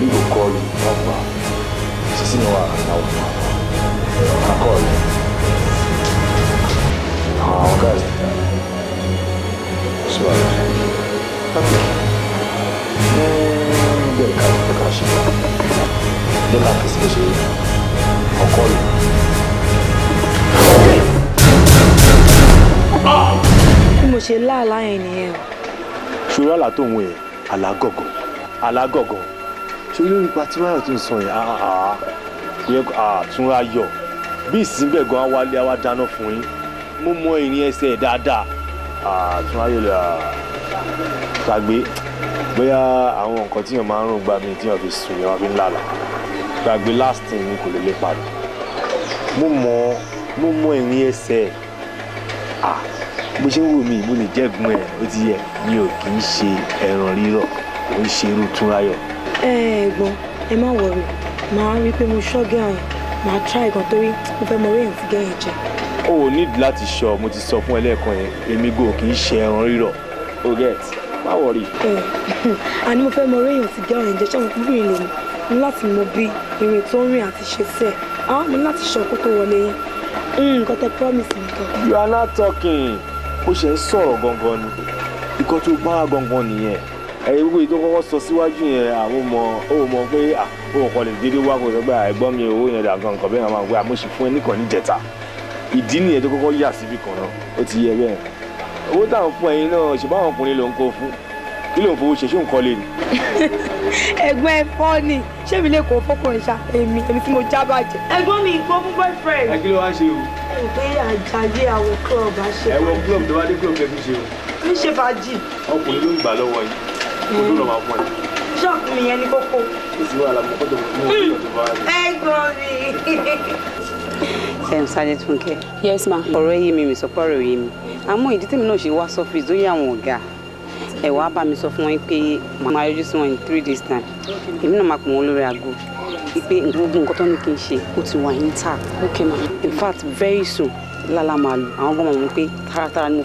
we go call you papa sisi ni wa na o na call you àwọn ọ̀gá ẹ̀ ṣe wà lọ́wọ́ papa ní bẹ́ẹ̀ ká ló ká ṣe wà bẹ́ẹ̀ ká fi ṣe ṣe ọkọ rẹ̀. bí mo ṣe láàlá yẹn nìyẹn o. ṣùgbọ́n àlá tó ń wẹ̀ àlá gọ̀gọ̀ ṣé lórí ipa tí wáyọ̀ tó ń sọ yẹn àhà ah, ah, yẹn àtúnra ah, yọ bí ìsìnbẹ̀ gan wálé wa dáná fún yín mo mọ ìrìn ẹsẹ̀ dáadáa àtúnra yọ lè gbàgbé bóyá àwọn nǹkan tíyàn máa ń rùn gbà mí tíyàn fi sùn yẹn wá fi ń lálà gbàgbé last thing ni kò lè lè padà mo mọ mo mọ ìrìn ẹsẹ̀ ah bó ṣe ń wò mí mo lè jẹ́gun ẹ̀ ó ti yẹ mi ò kì í ṣe ẹran rírọ̀ kò ń ṣe irú túnráyọ̀ ẹ̀gbọ́n ẹ má wọrí màá rí i pé mo ṣọ́gẹ́ àyàn màá try gan torí mo fẹ́ mọ réyìn fún gẹ́yìn jẹ. o ò ní láti sọ mo ti sọ fún ẹ lẹ́ẹ̀kan yẹn èmi gò kì í ṣe ẹran rírọ̀ o get má wọrí. àní mo fẹ́ mọ réyìn fún gẹ́yìn jẹ ṣé mo kúrò ìlú mi ní láti mọ bí irin tó ń rìn àti ṣe sẹ́ẹ̀ àwọn mi láti sọ kó tó wọlé yẹn hmm, nǹkan tẹ promise mi kan. you are not talking ó ṣe ń sọ̀rọ̀ gangan ni ìkan tó bá gangan nìyẹn gbogbo èyí tó kọ́kọ́ sọ síwájú yẹn àwọn ọmọ ó mọ pé àwọn ọkọ lè dédé wá kó sọ pé ẹ̀gbọ́n mi owó yẹn dàgbọn nǹkan bẹ́ẹ̀ máa ń pẹ́ àmúṣe fún ẹ nìkan níjẹta ìdí nìyẹn tó kọ́kọ́ yà síbi kan náà ó ti yẹ bẹ́ẹ̀ owó táwọn fún ẹyin náà ṣe báwọn ọkùnrin ló ń kó fún kí ló ń fowó ṣe ṣé nǹkan lè ní. ẹ̀gbọ́n ẹ ni ṣé mi lè kó fọkùnrin ṣá o. ẹ gbé àjàyè ṣe fàájì. ọkùnrin ló ń gbà lọ́wọ́ yìí ojú náà yes ma'am. ọ̀rọ̀ yé mi mi sọ pé ọ̀rọ̀ yé mi àmọ́ ìdí tèmi náà ṣe wá sọ́fíìsì ó yà wọ́n ọ̀gá in three days time èmi náà máa pọ̀ wọn lórí aago pé gbogbo nǹkan tó ní kí n ṣe intact okay ma in fact very soon lálá máa lò àwọn gbọ́n mọ̀ pé táratára ni mo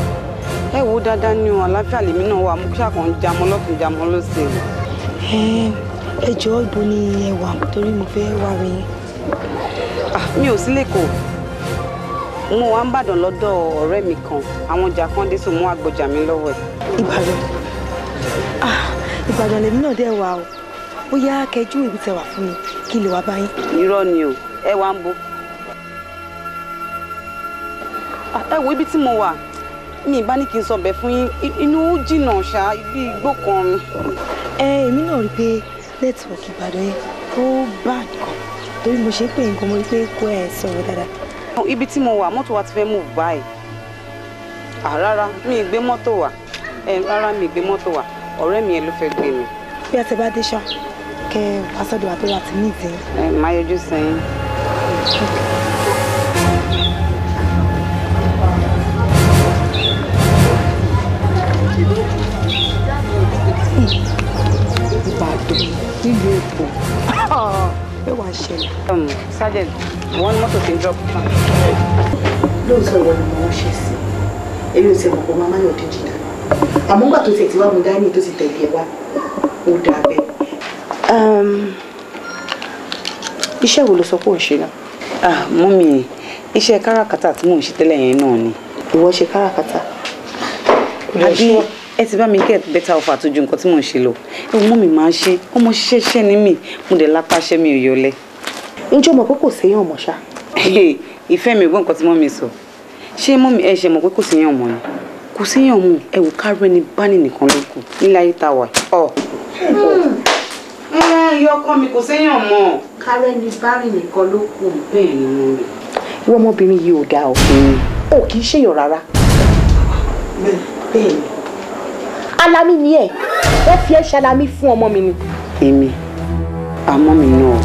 ẹ wo dáadáa ni wọn àlàáfíà lèmi náà wà mo kí àkàn ń jamọ lọ́kùn jamọ lọ́sẹ̀. ẹ jọ ibo ni ẹ wà torí mo fẹ́ wá rí yín. mi ò sí lẹ́kọ̀ọ́ mo wá ń bàdàn lọ́dọ̀ ọ̀rẹ́ mi kan àwọn ọjà kan dé sùn mú àgbọ̀jà mi lọ́wọ́ ẹ̀. ìbàdàn ìbàdàn lèmi náà dẹ̀ wà o bóyá kẹjú ìbí tẹ wà fún mi kí lè wá bá irọ́ ni o ẹ wá ń bo ẹ wo ibi tí mo wà mi ìbá ní kí n sọ bẹ́ẹ̀ fún yín inú jìnnà ṣá ibi igbó kan ni. ẹ èmi náà rí i pé nẹ́tíwọ̀kì ìbàdàn yẹn ó bad kan torí mo ṣe ń pè nǹkan mo rí i pé kó ẹ sọ̀rọ̀ dáadáa. ibi tí mo wà mọ́tò wa ti fẹ́ mú báyìí rárá mi ì gbé mọ́tò wá rárá mi ì gbé mọ́tò wá ọ̀rẹ́ mi yẹn ló fẹ́ gbé mi. bí a ti bá dé ṣá kẹ pásọdù àtọwà ti ní ìdí. ẹ máa yọjú sẹ́yìn. ìbàdàn nílùú èkó ẹ wàá ṣẹlẹ̀. Um, sergeant wọn mọ́tò ti ń drop. lóòótọ́ ìwọ ni mo ń ṣe sí èmi ò sì mọ̀ pé màmá yóò díjì dáná àmọ́ nígbà tó ti ti wá mu dání tó ti tẹ̀lé ẹ wá ó dáa bẹ́ẹ̀. Um, iṣẹ́ wo ló sọ pé ò ń ṣe náà. ah mọ́mì iṣẹ́ káràkátà tí mò ń ṣe tẹ́lẹ̀ yẹn náà ni. ìwọ ṣe káràkátà. àbí ẹ ti bá mi get better offer tó ju nǹkan tí mò ń ṣe lọ ẹ mi máa ṣe ọmọ ṣẹṣẹ ni mí mo dẹ̀ lápá ṣẹ́ mi ò yọlẹ̀. ǹjẹ́ o mọ̀ pé kò séyàn mọ̀ ṣá. ìfẹ́ mi ò gbọ́ nǹkan tí mọ́mí sọ ṣé mọ́mí ẹ ṣe mọ̀ pé kò séyàn mọ̀ ni kò séyàn mọ̀ ẹ wò káró ẹni bá nìkan ló kù nílé ayé tá a wà. ìyá ọkọ mi kò séyàn mọ̀. káró ẹni bá ní nìkan ló kù bẹ́ẹ̀ ni mo rí. ìwọ ọmọbìnrin yìí ò dáa o ò hmm. kì í ṣèyàn rárá. bẹ́ẹ̀ ni alami ni ẹ wọ́n fi ẹ́ alami fún ọmọ mi ni. èmi àmọ́ mi náà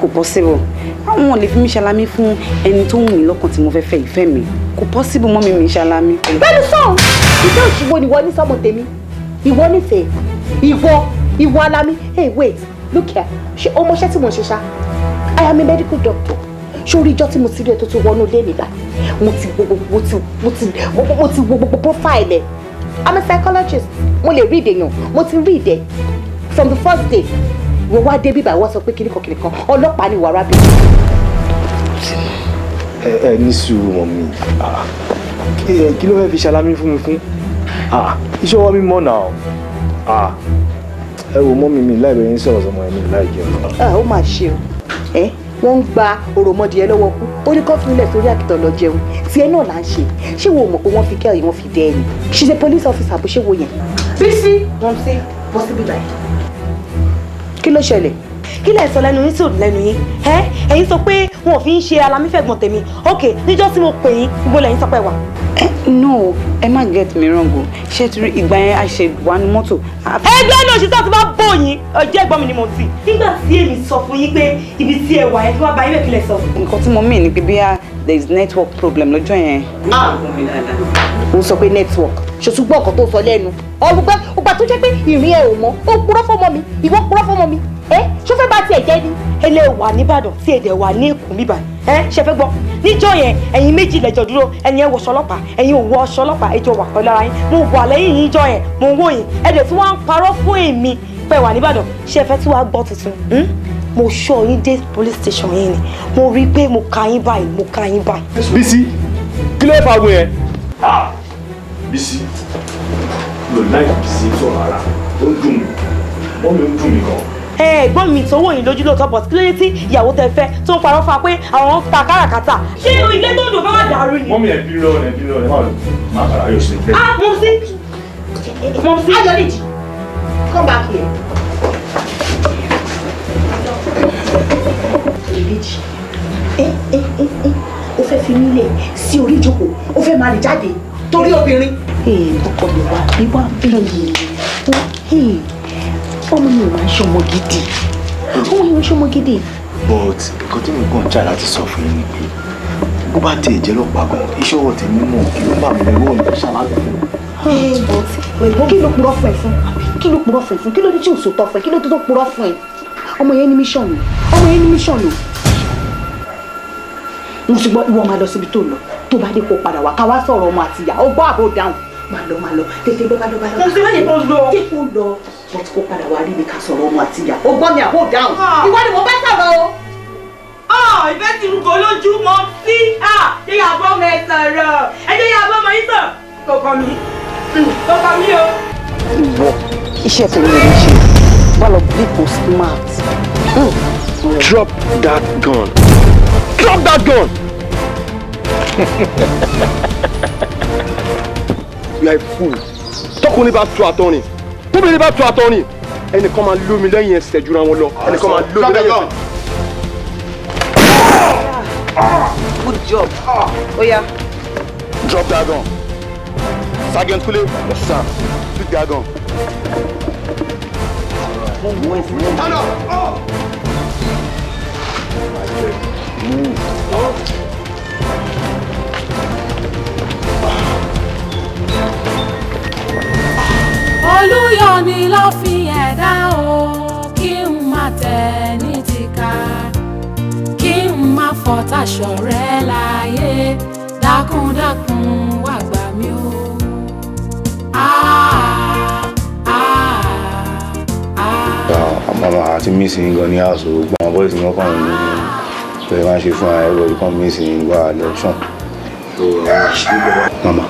kò possible àwọn ò lè fi mí ṣalami fún ẹni tó wù mí lọ́kàn tí mo fẹ́ fẹ́ ìfẹ́ mi kò possible mọ́ mi mi ṣalami. bẹ́ẹ̀ni sọ̀rọ̀ ìfẹ́ òṣùwọ̀n ni wọ́n ní sọ́mọ tèmi ìwọ nífẹ̀ẹ́ ìwọ ìwọ alami hey wait look here ṣe ọmọọṣẹ́ tí mo ṣe ṣá I am a medical doctor sórí ìjọ tí mo ti rí ẹ tó ti wọnú ilé mi bá mo ti wo gbogbo mo ti wo gbogbo profile ẹ i'm a psychologist mo lè read èèyàn mo ti read ẹ from the first day wọ́n wá débi bá wọ́n sọ pé kíníkan kíníkan ọlọ́pàá ni wàrà bí. ẹ ẹ ní sùúrù mọ mi ah, kí ló fẹ́ fi ṣalámí fún mi fún ah, iṣẹ́ ọwọ́ mi mọ̀ náà ah, ẹ wò mọ́ mi mi láì bẹ̀rẹ̀ ń sọ̀rọ̀ sọmọ ẹ̀ láì jẹun. ó mà ṣe o wọ́n ń gba òròmọdìẹ lọ́wọ́ kú ó ní kọ́ fúnlẹ̀ sórí àkìtàn lọ jẹun tí ẹ náà là ń ṣe ṣé wo mọ̀ pé wọ́n fi kẹ́ọ̀yì wọ́n fi dẹ́ ẹni she's a police officer bó ṣe wo yẹn Bísí wọ́n sí bọ́síbí báyìí kí ló ṣẹlẹ̀ kí lẹ̀ sọ lẹ́nu yín tí ò lẹ́nu yín ẹ ẹ̀yin sọ pé wọn ò fi ń ṣe alamífẹ̀gbọ̀n tèmi ok níjọ́ tí mo pè yín gbogbo lẹ́yìn sọ pé wà. ẹ no ẹ má get me wrong o ṣé torí ìgbà yẹn a ṣe wà ní mọ́tò. ẹgbẹ́ náà ṣe sọ́ọ̀tì bá bò yín ọjọ́ ẹ̀gbọ́n mi ni mo ti. nígbà tí èmi sọ fún yín pé ibi tí ẹ wà yẹn tí wọ́n bá yín bẹ̀kílẹ̀ sọ. nǹkan tí mo mean ni pé bí a there is network problem lọ́jọ́ yẹn. ó ah! sọ pé network ṣòṣùgbọ́n ọ̀kan tó sọ lẹ́nu ọ̀rùn pé ọgbà tó jẹ́ pé ìrìn ẹ̀ ò mọ́ ó purọ́ fọ́mọ mi ìwọ purọ́ fọ́mọ mi ẹ eh, ṣó fẹ́ bá tiẹ̀ jẹ́ ní. ele wà nìbàdàn tí èdè wà ní ìkùn bíbà ẹ eh, ṣe fẹ́ gbọ́ níjọ́ yẹn ẹ̀yin méjì lẹ́jọ́ dúró ẹni ẹ wọṣọ ọlọ́pàá ẹ̀yin ò wọ ọṣọ ọlọ́pàá ẹjọ́ wà pẹ̀lú ara yín mo wà lẹ́yìn yín jọ yẹn mo wò yín ẹ̀dẹ̀ tí wọ́n ń parọ́ fún èmi pẹ̀ wà nìbàdàn ṣe fẹ́ tí wàá gbọ́ tuntun hmm? mo ṣọ́ yín dé police station yín ni mo rí i pé mo ka yín báyìí mo ka yín báyìí. Bísí kí ló fà wọ yẹn. Bísí lò láì Bísí sọ̀rọ̀ ara ó ń dùn mí mi ń dùn mí gan ẹ̀gbọ́n mi tó wò yín lójú lóòótọ́ bọ̀ kí ló dé tí ìyàwó tẹ fẹ́ tó ń parọ́ fa pé àwọn ń ta káràkátà. ṣé ilé tó dùn bá wà dàrú ni. mọ́mí ẹ̀ bí rọ ẹ̀ bí rọ ẹ̀ máa bàrà yóò ṣe fẹ́. ah mọ̀mísí mọ̀mísí. ayọ̀lẹ́jì come back here. ìbejì ẹ ẹ ẹ ẹ o fẹ́ fi mí lẹ̀ sí orí ìjókòó o fẹ́ máa lè jáde torí obìnrin. Eh, ọkọ mi wà ní wàá bẹ̀rẹ̀ yìí ọmọ mi ò máa ń ṣọmọ gidi ọmọ mi ò ń ṣọmọ gidi. but nǹkan tí mo gbọ́n jà láti sọ fún yín ni pé bó bá tiẹ̀ jẹ́ lọ́pàá gan iṣẹ́ ọwọ́ tèmi mọ̀ kí ló bá mi lọ́wọ́ mi ṣáláàbù. kí ló purọ́ fún ẹ fún kí ló purọ́ fún ẹ fún kí ló ní tí ò sòtọ́ fún ẹ kí ló tó tó purọ́ fún ẹ ọmọ yẹn ní míṣọ̀nù ọmọ yẹn ní míṣọ̀nù mo ṣùgbọ́n ìwọ máa lọ síbi tó lọ tó bá dé kó padà wá ká sọ̀rọ̀ ọmọ àtìyà ó gbọ́ àbò dáhùn má lọ má lọ tètè lọ má lọ má lọ. mo ti wáyé kó lọ. kí kó lọ mo ti kó padà wá rí mi ká sọ̀rọ̀ ọmọ àtìyà ó gbọ́ mi àbó dáhùn ah. ìwọ ni mo bá sọ̀rọ̀ o. ọ ah, ìfẹ́ ti rúgọ lójú mọ́ sí à ṣé yà bọ́ mọ ẹ sọ̀rọ̀ ẹ jẹ́ yà bọ́ mọ yín sọ̀rọ̀ kò kàn mí hmm, kò kàn mí o. ìwọ iṣẹ́ tèmi ò ní ṣe wà lọ bí kò smart. Hmm. Drop that gun. Drop that gun! you are a fool tọkùnrin bá tu àtọrin tóbìnrin bá tu àtọrin ẹnìkan máa lómi lẹ́yìn ẹsẹ̀ jura wọn lọ ẹnìkan máa lómi lẹ́yìn ẹsẹ̀. good job Oh yeah. drop that gun sergeant kule yes sir shoot that gun. stand up. Move. Oh. olúyọ̀ni ló fi ẹ̀dá o kí n má tẹ̀ ní tìka kí n má fọ̀tá ṣọ̀rẹ́ láyé dákúndákún wá gbà mí o. àmọ́ àti mísìn gan ní àṣọ gbọ́n àwọn bọ́ọ̀sì wọn kàn ní pé wọ́n ṣe fún ẹ̀rọ ìkọ́ mísìn wà lọ́sàn. mama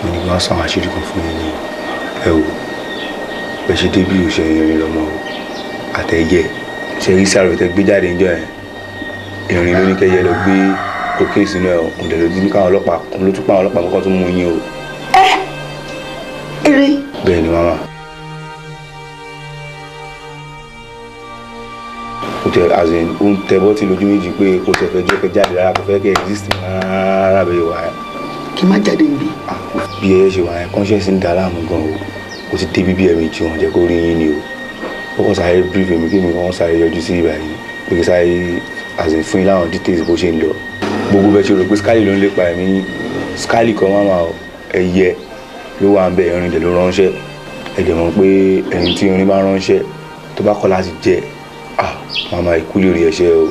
mo ní kí wọ́n sàn àṣírí kan fún mi ní ẹ wò bẹ ṣe débi òṣè ìrìn lọmọ o àtẹyẹ ṣe rí sàrò tẹ gbé jáde níjọ yẹn ìrìn ló ní kẹyẹ lọ gbé òkè sínú ẹ òǹdẹ ló dín káwọn ọlọ́pàá kún ló tún pa àwọn ọlọ́pàá kọkọ tó mú yín o. ẹ eré. bẹ́ẹ̀ ni màmá. kò tẹ as in ó ń tẹ bọ́tì lójú méjì pé kò tẹ fẹ́ jẹ́ kẹ jáde rárá kò fẹ́ kẹ exist rárá bẹ́ẹ̀ wá. kí n má jáde níbí bí ẹ ṣe wà yẹn conscience ń da láàmú gan o ó ti dé bíbí ẹ̀mí tí wọ́n jẹ́ kó rí yín ni o ó kàn sáré brief mi kí mi wọ́n sáré yọjú sí ibà yìí pé kí sáré àsìn fún yín láwọn details bó ṣe ń lọ gbogbo bẹ́ẹ̀ ṣe rò pé scarlet ló ń lépa ẹ̀mí scarlet kan máa máa ẹyẹ ló wà ń bẹ irin dẹ̀ ló ránṣẹ́ ẹ dẹ̀ pé ẹni tí irin bá ránṣẹ́ tó bá kọ̀ láti jẹ ah màmá ikú lè rí ẹ̀ṣẹ̀ o.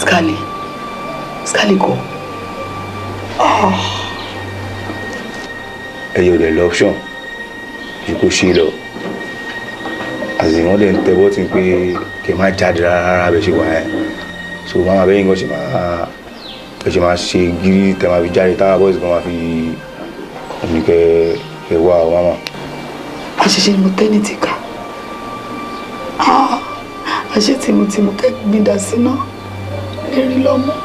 scarlet Scalico. Ah. ẹyọ rẹ lọ option ju kó ṣe lọ àzìwọ́n dẹ̀ ń tẹ́wọ́ tí ń pé kẹ́ máa jáde rárá bẹ́ẹ̀ ṣe wà ẹ́ so máa máa bẹ́yìn kan ṣe máa ṣe máa ṣe gírí tẹ́ máa fi jáde táwa bọ́ọ̀sì kan máa fi ní kẹ́ ẹ wá ọ máma. àṣìṣe ni mo tẹ́ ní ti kà àṣé ah. tìmùtìmù kẹ́gbìn dà sí náà lérí lọ́mọ́.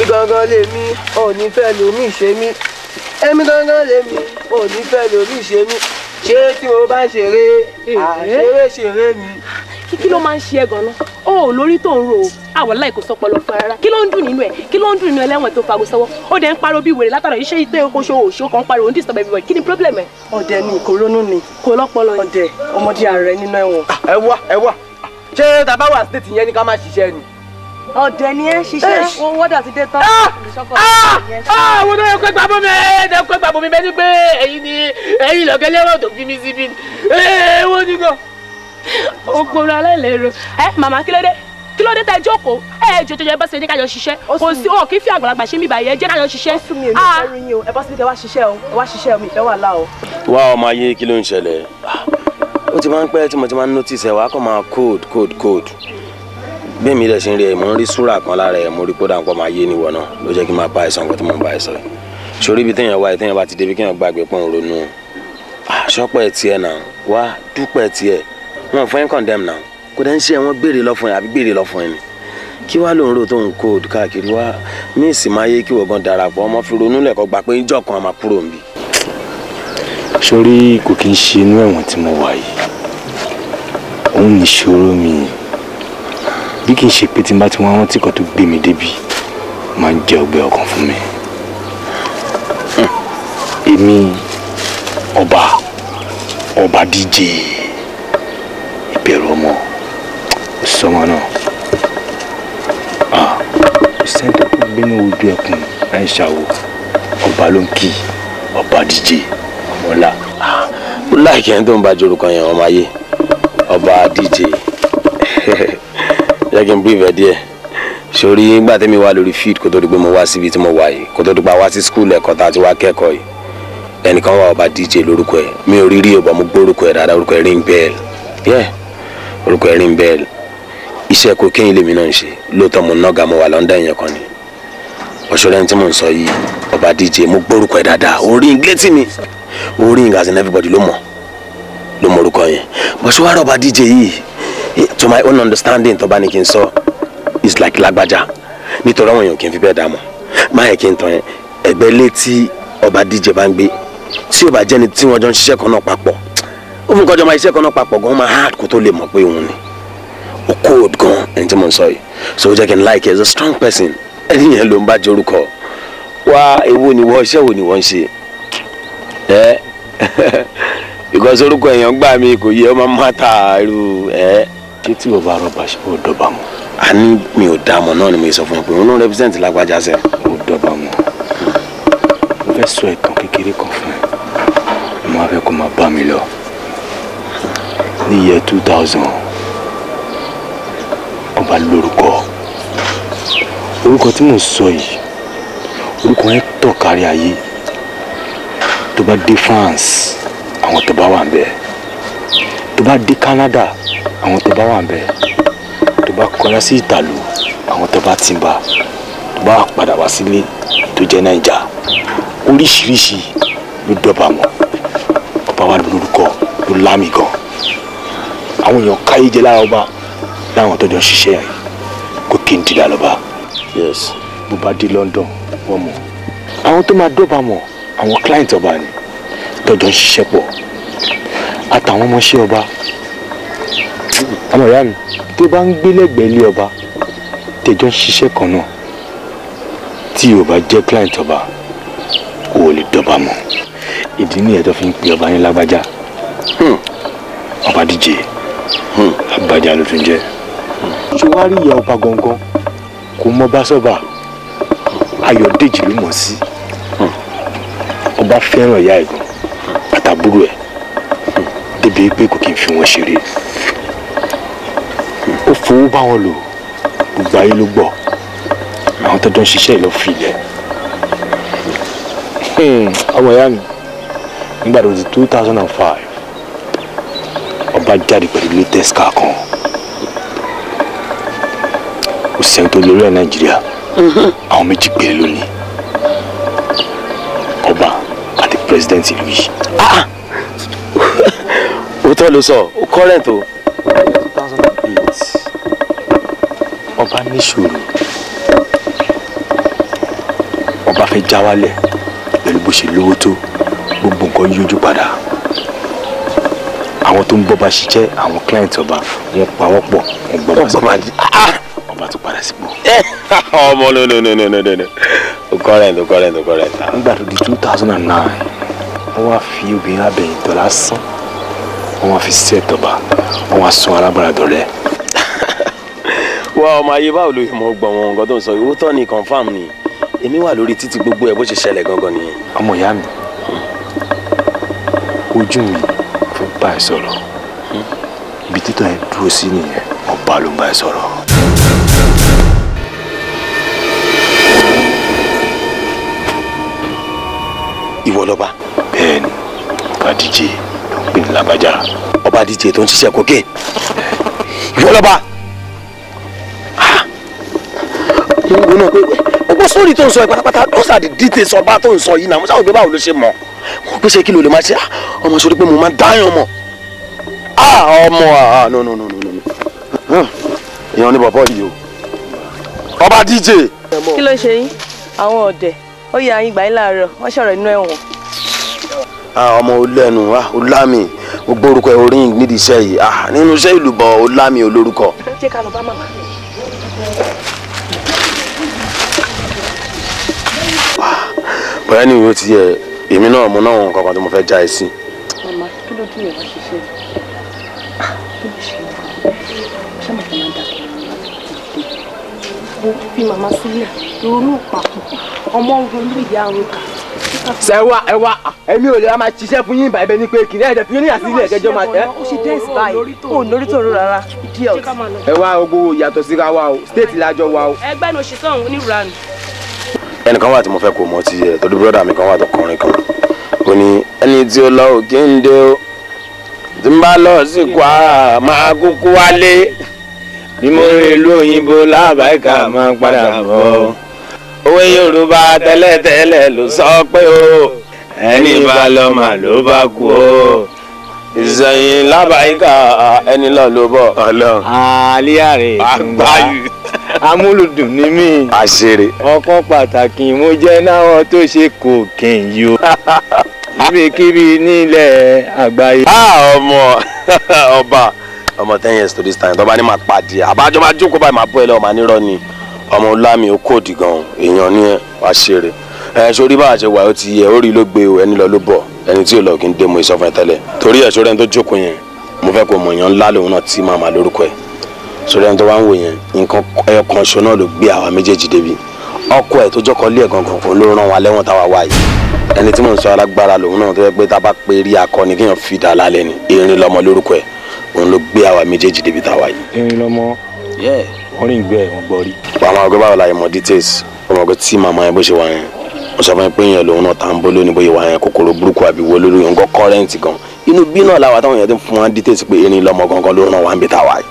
èmi gangan lèmi mi, ní fẹ́ lómi ṣe mí èmi gangan lèmi ò ní fẹ́ lómi ṣe mí ṣé tí mo bá ṣeré eh, àṣeré ṣeré mi. kí ló máa ń ṣe ẹ ganan o ò lórí tó ń ro o àwọn láì kò sọ pọlọ fún rárá kí ló ń dùn nínú ẹ kí ló ń dùn nínú ẹlẹ́wọ̀n tó fago sọ́wọ́ ó dẹ̀ ń pariwo bí wèrè látara iṣẹ́ ìtọ́ ẹ̀kọ́ ṣo kan pariwo ní disturb everybody kí ni problem ẹ. ọ̀dẹ̀ ni kò ni kò lọ́pọlọ ọ̀dẹ̀ ọmọdé ààrẹ nínú ẹ̀wọ̀n. Ah, ẹ wá ẹ wá ṣé tàbá wà yẹn ni ká má ṣiṣẹ́ ni ọ̀dẹ̀ ni ẹ ṣiṣẹ́ wọn wọ́dà ti dé tán. àwọn ọ̀dọ́ yẹn pé gbàgbọ́ mi ẹ̀ pé gbàgbọ́ mi bẹ́ẹ̀ ni pé ẹ̀yin ni ẹ̀yin lọ́gẹ́ lẹ́wọ̀n tó fi mi síbi ni eh, ẹ̀wọ̀n ni gan. ògbóni aláìlérò ẹ màmá kí ló dé kí ló dé tẹ jókòó ẹ jòjò yẹn bá ṣe ní kájọ ṣiṣẹ́ kò sí ọ kí fi àgbàlagbà ṣe mí báyìí ẹ jẹ́ kájọ ṣiṣẹ́. ọsùn mi ah! ò ní fẹ́ rí yín o ẹ bá síbi kẹ wá ṣiṣẹ́ o ẹ wá ṣiṣẹ́ mi ìfẹ́ wà láà o. wá ọmọ ayé kí ló ń ṣẹlẹ̀ ah! ó ti máa ń pẹ́ tí mo ti máa ń notice ẹ̀ wá kọ́ máa cold cold cold bẹ́ẹ̀ mi rẹ̀ ṣe ń rí ẹ̀ mọ́ ń rí súrà kan lára ẹ̀ mo rí kódà nǹkan máa yé ni wọ̀ náà ló jẹ́ kí n máa bá ẹ̀ sọ nǹkan tí mo ń bá ẹ̀ sọ yìí sórí ibi téèyàn wá téèyàn bá ti débi kéèyàn gbàgbé pọ̀ ń ronú àṣọpẹ́ tiẹ̀ náà wá dúpẹ́ tiẹ̀ wọn fún yín kọ̀ndẹ́m náà kó dẹ́ ṣe wọn béèrè lọ́fún yín àbí béèrè lọ́fún yín ni kí wàá lòun rò tó ń kó òdù káàkiri wá ní ìsìnmáyé kí wọ́n darapọ̀ ọmọ fi ronú lẹ́kọ̀ọ́ gbà pé ìjọ kan máa kúrò ń sórí kò kí ń ṣe inú ẹ̀wọ̀n tí mo wà yìí òun nìṣòro mi yìí bí kì í ṣe pé tí n bá ti wọn rántí kan tó gbé mi débi máa ń jẹ ọgbẹ́ ọkàn fún mi hmm. èmi ọba ọba DJ ìbẹ̀rù ọmọ sọmọ náà sẹ́ńtà ah, tó gbé ní ojú ẹkùn láì ṣàwò ọba ló ń kí ọba DJ ọmọlá. ó ah, láìkẹ́ ń tó ń bá jorúkọ yẹn ọmọ ayé ọba DJ. jẹ́ kí n brief ẹ díẹ̀ sórí nígbà tẹ́mi wá lórí field kó tó di pé mo wá síbi tí mo wà yìí kó tó di pé a wá sí school ẹ̀kọ́ tá a ti wá kẹ́kọ̀ọ́ yìí ẹnìkan wà ọba DJ lórúkọ ẹ̀ mi ò rí rí ọba mo gbọ́ orúkọ ẹ̀ dáadáa orúkọ ẹ̀ ring bell yeah orúkọ ẹ̀ ring bell iṣẹ́ cocaine lèmi náà ń ṣe lóòótọ́ mo nọ́gà mo wà London yẹn kan ni ọ̀ṣọ́rẹ́ tí mò ń sọ yìí ọba DJ mo gbọ́ orúkọ ẹ̀ dáadáa orí inglétí mi orí ingasi everybody ló mọ̀ ló mọ orúkọ yẹn bọ́sùwárọ̀ ọba DJ yìí to my own understanding tó bá ní kí n sọ is like lágbájá nítorí àwọn èèyàn kì í fi bẹ́ẹ̀ dààmú máa yẹ kí n tàn yẹn ẹgbẹ́ ilé tí ọba díje bá ń gbé tí ò bá jẹ́ni tí wọ́n jọ ń ṣiṣẹ́ kan náà papọ̀ ó fún kọjọ́ máa ṣiṣẹ́ kan náà papọ̀ gan máa hard kó tó lè mọ̀ pé òun ni ó cold gan ẹni tí mo ń sọ yìí so ó jẹ́ kí n like as a strong person ẹni yẹn ló ń bá jorúkọ wá èwo ni wọ́n iṣẹ́ wo ni wọ́n ń ṣe ẹ́ because orúkọ èèyàn gbà mí kò yẹ ọ máa ń mátà irú Eh? ṣé tí o bá rọba ṣe o dọba mu. a ní mi ò dá mọ̀ náà ni mo sọ fún ẹ pé òun ló represent lágbájá sẹ. o dọba mu mo fẹ́ sọ ìtàn kékeré kan fún ẹ ẹ máa fẹ́ kó máa bá mi lọ ní iye two thousand ọba lórúkọ orúkọ tí mò ń sọ yìí orúkọ yẹn tọ̀ kárí ayé tó bá dé France àwọn tó bá wà ń bẹ́ẹ̀ tó bá dé Canada àwọn tó bá wà ń bẹ tó bá kọjá sí ìtàlù àwọn tó bá ti ń bá tó bá padà wá sílé tó jẹ́ Naija oríṣiríṣi ló dọ́ba wọn ọba wa lórúkọ ló lámì gan àwọn èèyàn káyé jẹ lára ọba láwọn tó jọ ń ṣiṣẹ́ yẹn kó kí n dìlà lọ́ba. yes bó bá dé London wọ́n mọ̀ àwọn tó máa dọ́ba mọ̀ àwọn client ọba ni tó jọ ń ṣiṣẹ́ pọ̀ àtàwọn ọmọọṣẹ́ ọba ọmọ ìyá mi tó bá ń gbé lẹ́gbẹ̀ẹ́ ilé ọba tẹjọ́ ń ṣiṣẹ́ kan náà tí o bá jẹ́ client ọba o ò lè dọ́ba mọ́ ìdí nìyẹn tó fi ń pè ọba ní lágbájá hmm. ọba díje àgbàjá hmm. ló tún jẹ́ ṣé wàá rí ìyá ọba gangan kò mọ bá sọ́ba ayọ̀dèjì ló mọ̀ sí hmm. ọba fẹ́ràn ìyá ẹ̀gbọ́n àtàbúrò ẹ̀ débi pé kò kí n fi wọn ṣeré ó fowó bá wọn lò gbogbo ayé ló gbọ́ àwọn tó jọ ń ṣiṣẹ́ lọ fi ilẹ̀ hmm, ọmọ ìyá mi nígbà tó di two thousand and five ọba jáde pẹ̀lú latest car kan kò tó lórí ẹ̀ nàìjíríà àwọn méjì péré e lónìí ọba àti president ìlú yìí. Ah, ah òótọ́ ló sọ current o. two thousand and eight ọba níṣòro ọba fẹ́ já wálẹ̀ pẹ̀lú bó ṣe lówó tó gbogbo nǹkan yíjú padà àwọn tó ń bọba ṣiṣẹ́ àwọn client ọba wọn pa wọ́n pọ̀ wọn gbọba sí ọba tó padà sípò. Eh, ọmọ no no no no no no o current o current o current. nígbà tó di two thousand and nine wọ́n wá fi obìnrin abẹ̀yìntàn lásán wọ́n wá fi sí ẹ̀tọ́ba wọ́n wá sun alábàárà dọ̀lẹ́. wá ọmọ ayé báwo ló fi mọ gbọ̀n wọn nǹkan tó ń sọ ìwọ tán ni confam ni èmi wà lórí títí gbogbo ẹ̀ bó ṣe ṣẹlẹ̀ gangan nìyẹn. ọmọ ìyá mi ojú mi fún bá ẹ sọ̀rọ̀ ibi títàn ẹ dúró sí nìyẹn ọba ló ń bá ẹ sọ̀rọ̀. ìwọ lọba. bẹ́ẹ̀ni bá pè ní làbájá. ọba àdíje tó ń ṣiṣẹ́ cocaine ìwọ lọ́ba ìwọ náà pé gbogbo sórí tó ń sọ ẹ pátápátá those are the details ọba tó ń sọ yìí náà mo sábà gbé báwo ló ṣe mọ mo pèsè kí ló lè máa ṣe ah, ọmọ sórí pé mo máa ń dáyàn mọ ah, ọmọ ah, no no no no èèyàn ni bàbá yìí o ọba díje. kí ló ṣe yín àwọn ọ̀dẹ̀ ó yẹ àyìn gbà yín láàárọ̀ wọ́n ṣọ̀rọ̀ inú ẹ̀wọ̀n. Ah, ọmọ olẹ́nu ọlámì ah, gbogbo orúkọ orin nídìí iṣẹ́ yìí ah, nínú iṣẹ́ ìlú bọ̀ ọlámì olórúkọ. ṣé ká lọ mi. bóyá ní ìwé ti yẹ èmi náà mo náà wọn kankan tí mo fẹ́ já ẹ sí. màmá kí ló dé ìwà ṣiṣẹ́ kí ló ṣe ṣé màmá máa dàgbà bí màmá sílẹ̀ ronú papọ̀ ọmọ ronú ìyá ronú kàkà ṣe wá ẹ ò lè wá máa ṣiṣẹ́ fún yín ìbàdàn ní pé kìnìún ẹ̀jẹ̀ fún yín ní àtìlẹ́ ẹ̀kẹ́jọ́ máa tẹ́. ó ṣe dẹ́sì báyìí ó lórí tòrò rárá idiot. ẹ wá síra wa o stéètì lájọ wa o. ẹgbẹ́ ni òṣìṣẹ́ òun ní ìranu. ẹnìkan wà tí mo fẹ́ kó mọ ti ẹ̀ torí bírọ́dà mi kan wà tọkùnrin kan ó ní ẹni tí ó lọ òkè ń dé o tí n bá lọ sí kwara máa máa padà òwe yorùbá tẹ́lẹ̀tẹ́lẹ̀ ló sọ pé o ẹni bá lọ́mà ló bá kú o ìsẹ̀yìn lábàáyíká ẹni lọ ló bọ̀. ọlọ́run àlíyàrè àgbáyù amúlùdùn ní mí. àṣírí. ọkàn pàtàkì mo jẹ́ náwọn tó ṣe kò kẹ̀yìn o níbikíbi nílẹ̀ àgbáyé. ọmọ ọba ọmọ ten years to this time tọ́ba ni máa pàdé àbájọ́ máa jókòó báyìí máa bọ́ ẹ lọ́wọ́ máa nírọ́ ni ọmọ lámì ó kò dì gan èèyàn ní wá ṣeré ẹ sórí bá a ṣe wà ó ti yẹ orí ló gbé o ẹni lọ ló bọ ẹni tí ò lọ kí n dé mo ìsọfún ẹ tẹ́lẹ̀ torí ẹ sórí ẹni tó jókòó yẹn mo fẹ́ kó mọ̀ èèyàn ńlá lòun náà tí màmá lórúkọ ẹ sórí ẹni tó wá ń wò yẹn nǹkan ẹ̀ẹ̀kan ṣo náà ló gbé àwa méjèèjì débi ọkọ ẹ tó jọkọ lé ẹ gangan fún ló rán wa lẹ́wọ̀n táwa wá yìí ẹni tí mò ń sọ alágbára lòun náà tó yẹ pé tá pé rí akọni kéèyàn fi dà lálẹ́ ni erin lọmọ lórúkọ ẹ òun ló gbé àwa méjèèjì débi táwa yìí. erin lọmọ. yẹ́ẹ̀ wọ́n rìn gbé ẹ̀ wọ́n gbọ́ rí. àwọn àgbẹ̀ báwo la ìmọ̀ details ọmọ ọgbẹ́ tí màmá yẹn bó ṣe wà yẹn mo sọ fún yín pé yẹn lòun náà tá ń bó lónìí bóyá wà yẹn kòkòrò burúkú àbí wo lórí yẹn gan kọ́rẹ́ǹtì gan inú bí náà làwọn àtàwọn yẹn ti fún wọn details pé erin lọmọ gangan ló ràn wá ń bẹ táwa yìí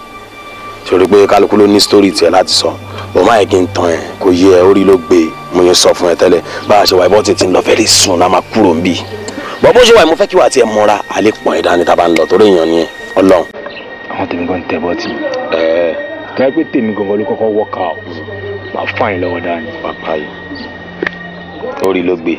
sori pé kálukú ló ní story tiẹ̀ láti sọ bọ́n máa yẹ kí n tán ẹ kò yẹ ẹ orí ló gbé mo yẹn sọ fún ẹ tẹ́lẹ̀ bá a ṣe wà ìbọn tètè ń lọ very soon la máa kúrò ń bì bọ́ bó ṣe wà mo fẹ́ kí wà á tiẹ̀ mọ́ra àlè pọ̀ ẹ̀dá ni tá a bá ń lọ torí èèyàn ni ọlọ́run. àwọn tèmi kan ń tẹ bọ́ọ̀tì. ẹ ká pé tèmi gangan ló kọ́kọ́ wọ́ọ̀kà ọ̀ máa fáyín lọ́wọ́ dání. pàpà yìí orí ló gbé.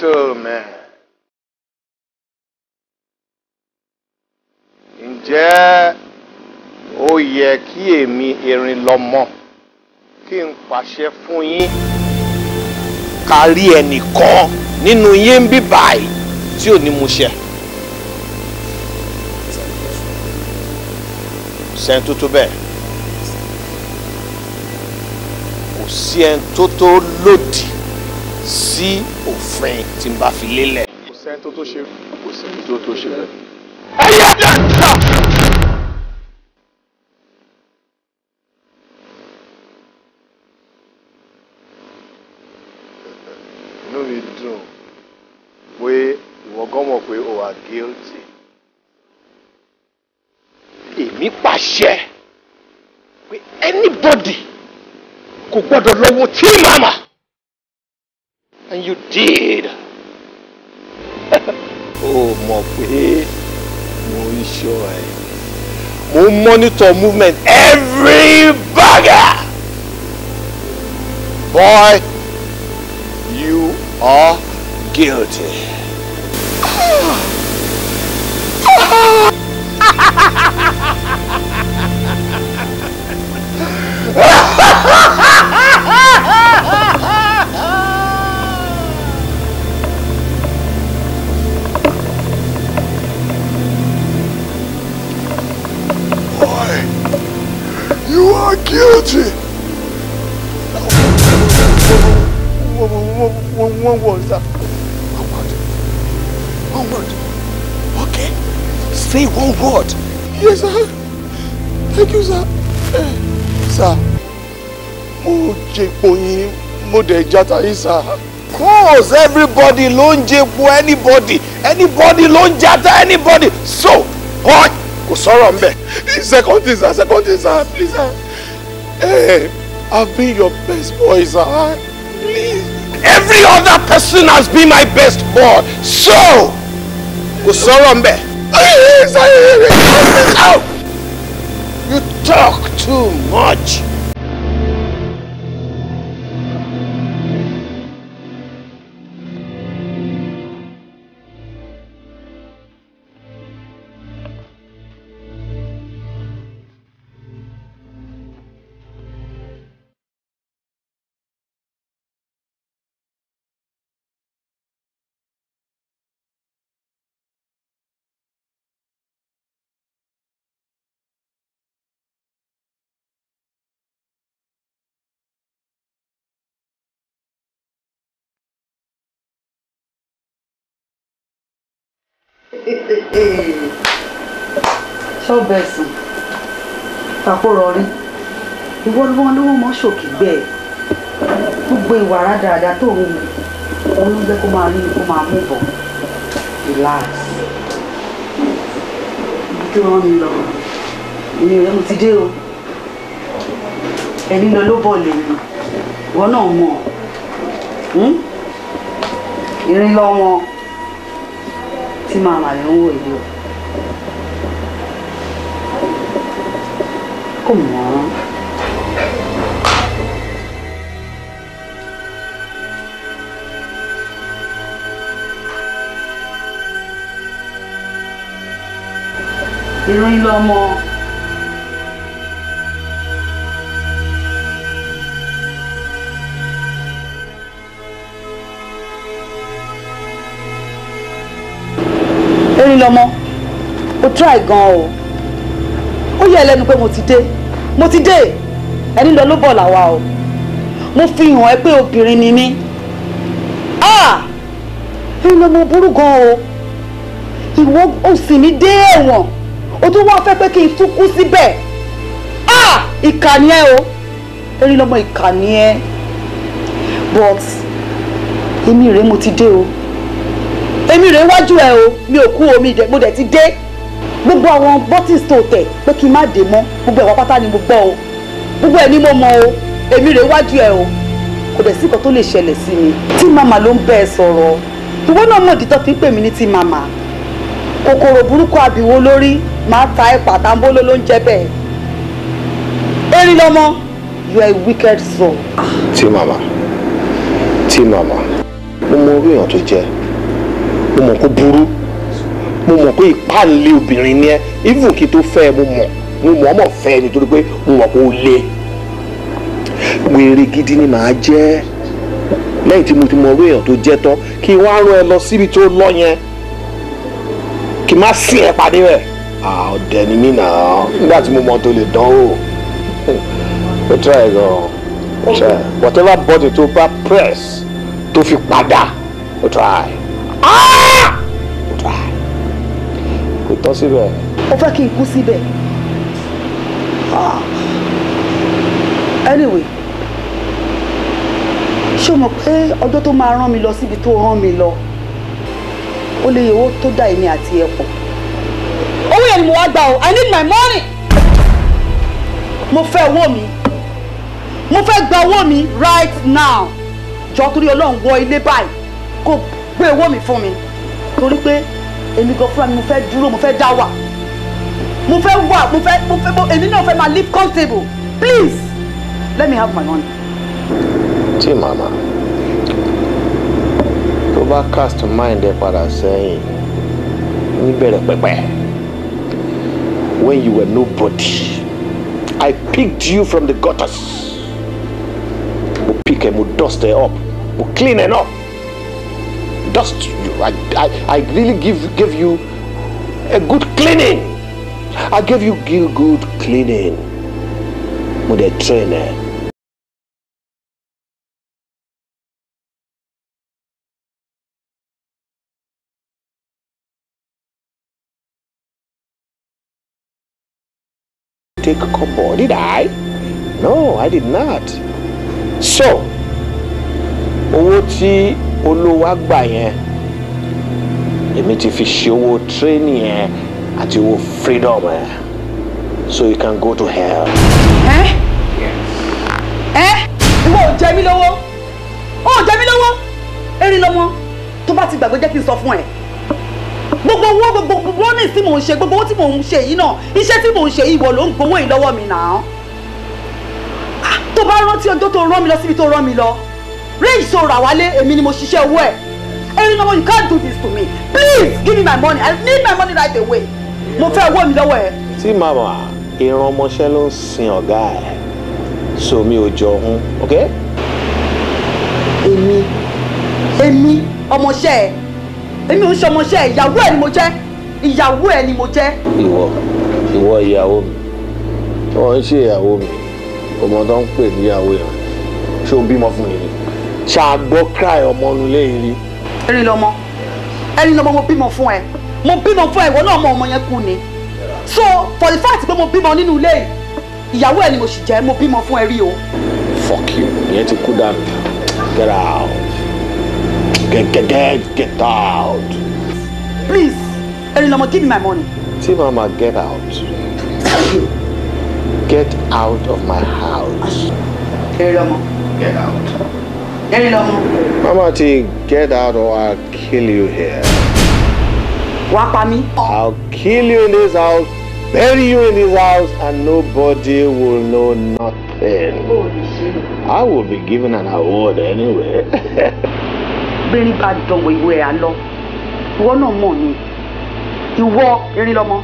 gentlemen, ǹjẹ́ ó yẹ kí èmi erin lọ́mọ kí n pàṣẹ fún yín kárí ẹnìkan nínú yín ń bí báyìí tí ò ní mú ṣe? sẹ́ni tó tó bẹ́ẹ̀ kò sí ẹni tó tó lòdì sí òfin tí n bá fi lélẹ̀. kò sẹ́ni tó tó ṣe bẹ́ẹ̀. kò sẹ́ni tó tó ṣe bẹ́ẹ̀. inú mi dùn pé ìwọ gan mọ̀ pé o wà guilty. èmi pàṣẹ pé anybody kò gbọ́dọ̀ lọ wo tí màmá. and you did. Oh, my ń ṣọ́ ẹ mo n so monitor movement every bagger. Boy, you are guilty. Ha ha ha! country. One, one word, sir. One word. One word. Okay. Say one word. Yes, sir. Thank you, sir. Eh, sir, mo jẹ̀pọ̀ mo dẹ̀ jata Cause everybody ló ń anybody, anybody ló jata anybody. So, what? Kò sọ̀rọ̀ ń Second thing, sir. Second thing, sir. Please, sir. Hey, I've been your best boy, Zahar. Please. Every other person has been my best boy. So, Usorombe. You talk too much. ṣọ́ọ̀bù ẹ̀sìn tàkùrọ̀ rí ìwọ ló wọn lówó mọ́ ṣòkìgbẹ́ ẹ̀ gbogbo ìwà rádaràda tó ń wù òun ló jẹ́ kó máa ní kó máa mú bọ̀ relax ibi tó rán mi lọ èmi rẹ mo ti dé o ẹni lọ ló bọ̀ lèmi ìwọ náà mọ̀ hmm? ìrìn lọ wọn. 干嘛呢？我，干嘛？你容易老吗？yín lọ́mọ o try gan o ó yẹ lẹ́nu pé mo ti dé mo ti dé ẹni lọ ló bọ̀ làwa o mo fi hàn ẹ́ pé obìnrin ni mí ah! ẹni lọ́mọ burú gan o ìwọ ò sì ní dé ẹ̀wọ̀n o tún wá fẹ́ pé kí n tún kú síbẹ̀ ah! ìkànnì ẹ o ẹni lọ́mọ ìkànnì ẹ but èmi rèé mo ti dé o èmi rè wájú ẹ o mi ò kú omi ìdẹ mo dẹ̀ ti dé gbogbo àwọn bọ́tìs tó tẹ̀ pé kí n má dé mọ́ gbogbo ẹ̀wá pátá ni mo gbọ́ o gbogbo ẹ̀ ni mo mọ o èmi rè wájú ẹ o kò dẹ̀ sí nǹkan tó lè ṣẹlẹ̀ sí mi tí màmá ló ń bẹ́ ẹ sọ̀rọ̀ ìwọ náà mọ̀ ìdí tó fi ń pè mí ní tí màmá kòkòrò burúkú àbíwó lórí máa ta ẹ pàtàǹbóló ló ń jẹ bẹ́ẹ̀ erin lọmọ you are a wicked soul. tí màmá tí màmá mo mọ orí èèyàn tó jẹ́ mo mọ̀ kó burú mo mọ̀ pé ìpáǹlé obìnrin ni ẹ even kí tó fẹ́ mo mọ̀ mo mọ̀ ọmọ fẹ́ nítorí pé mo mọ̀ kó le wèrè gidi ni màá jẹ́ lẹ́yìn tí mo ti mọ orí èèyàn tó jẹ́ tán kí wọ́n á rán ẹ lọ síbi tó lọ yẹn kí n má sìn ẹ pàdé rẹ̀ ọ̀dẹ̀ ni mí nà án nígbà tí mo mọ tó lè dán o ó try gan whatever body tó bá press tó fi padà ó try. Ah! tán síbẹ̀. ó fẹ́ kí n kú síbẹ̀. Ah. anyway ṣé o mọ̀ pé ọjọ́ tó máa rán mi lọ síbi tó rán mi lọ ó lè yẹwò tó dà èmi àti ẹ pọ̀. owó yẹn ni mo wá gbà o i need my money. mo fẹ́ owó mi mo fẹ́ gba owó mi right now jọ torí ọlọ́run wọ ilé báyìí kó gbé owó mi fún mi torí pé èmi gan fúnra mi mo fẹ́ dúró mo fẹ́ dá wà mo fẹ́ wà mo fẹ́ mo fẹ́ èmi náà fẹ́ máa live comfortable please let me have my money. tí màmá tó bá cast mind ẹ padà sẹ́yìn níbẹ̀rẹ̀ pẹ̀pẹ̀ when you were nobody I picked you from the gutters mo pick ẹ mo dust ẹ up mo clean ẹ up. dust you. I, I, I really give, give you a good cleaning. I gave you good cleaning with a trainer. take combo. Did I? No, I did not. So, owó tí olówó àgbà yẹn èmi ti fi ṣe owó tírénì yẹn àti owó freedom yẹn so you can go to hell. ẹ ẹ ìwọ ò jẹ mí lówó ò jẹ mí lówó erin lọmọ tó bá ti gbàgbé jẹ́ kí n sọ fún ẹ gbogbo owó gbogbo bọ́nìs tí mò ń ṣe gbogbo owó tí mò ń ṣe yìí náà iṣẹ́ tí mò ń ṣe yìí wọ̀ ló ń gbowó yìí lọ́wọ́ mi náà ah, tó bá rántí ọjọ́ tó rán mi lọ síbi tó rán mi lọ range tó rà wálé èmi ni mo ṣiṣẹ́ owó ẹ̀ erin ọmọ you can't do this to me please give me my money I need my money right away mo fẹ́ owó mi lọ́wọ́ ẹ̀. tí màmá ìran ọmọọṣẹ́ ló ń sin ọ̀gá ẹ̀ so mi ò jọ hun ok. èmi èmi ọmọọṣẹ́ ẹ̀ èmi ò ń ṣe ọmọọṣẹ́ ẹ̀ ìyàwó ẹ̀ ni mo jẹ́ ìyàwó ẹ̀ ni mo jẹ́. ìwọ ìwọ ìyàwó mi wọn ń ṣe ìyàwó mi ọmọ tó ń pè níyàwó yẹn ṣé o bímọ fún mi ni ṣàgbọ́ cry ọmọ nulẹ̀ yìí rí. erin lọmọ erin lọmọ mo bímọ fún ẹ mo bímọ fún ẹ ìwọ náà mọ ọmọ yẹn kú ni so for the fact pé mo bímọ nínú ilé ìyàwó ẹ ni mo sì jẹ mo bímọ fún ẹ rí o. fuck you ìyẹn ti kú dànù get out get get get get out. please erin lọmọ give me my money. tí màmá get out get out of my house. erin lọmọ. get out. Mama T, get out or I'll kill you here. Wá pa mí. I'll kill you in this house, bury you in this house, and nobody will know nothing. I will be given an award anyway. Bẹ́ẹ̀ni bá dọ̀wọ̀ ìwé ẹ̀ lọ, Want no money? You walk, Erinlọ́mọ,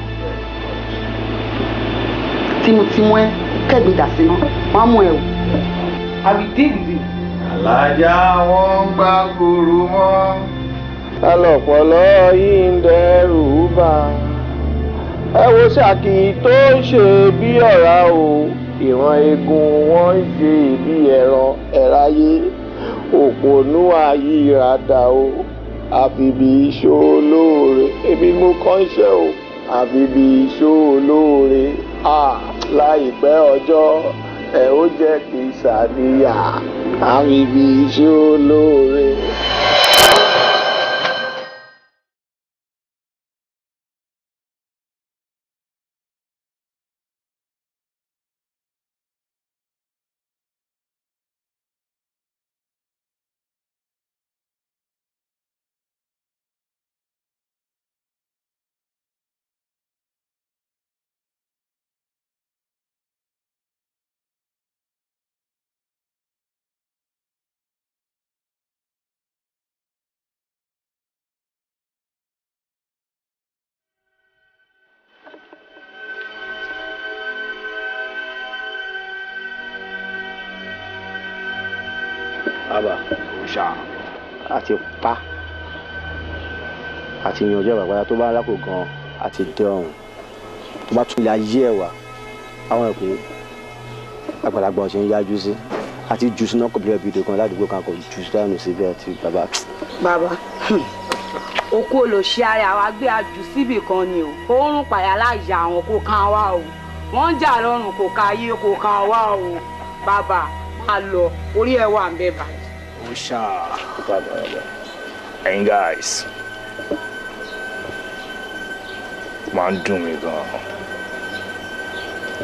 tìmùtìmù Timu timu, can't be that ẹ o. I will deal with you làjà wọn gbá kúrú wọn. ẹlọpọlọ yìí ń dẹrù bá ẹ wo Ṣàkì tó ń ṣe bí ọ̀rá o ìran eegun wọn ń ṣe ìbí ẹran ẹ̀ráyé òpònú ayírada o àfibì iṣó olóore èmi mo kàn o àfibì iṣó olóore à láìpẹ́ ọjọ́ ẹ ó jẹ́ kí sàníyà àmì ibi iṣẹ́ olóore. àti yanjú ẹ̀wà padà tó bá rákò gan àti dẹrùn tó bá tún ilé ayé ẹ̀wà àwọn ẹ̀kọ́ àgbàlagbà ọ̀sẹ̀ ń yájú sí àti jù sínú ọkọ̀ bílẹ̀ bídò kan ládùúgbò kan kò jù sínú síbẹ̀ àti bàbá. bàbá okú olóṣì ara àwa gbé àjù síbì kan ni o oorun pàyà láyà àwọn kò kan wá o wọ́n jà lọ́rùn kò ka ayé kò kan wá o bàbá máa lọ orí ẹ̀ wà ń bẹ báyìí. ó ṣáà ẹ̀yin guys máa ń dùn mí gan-an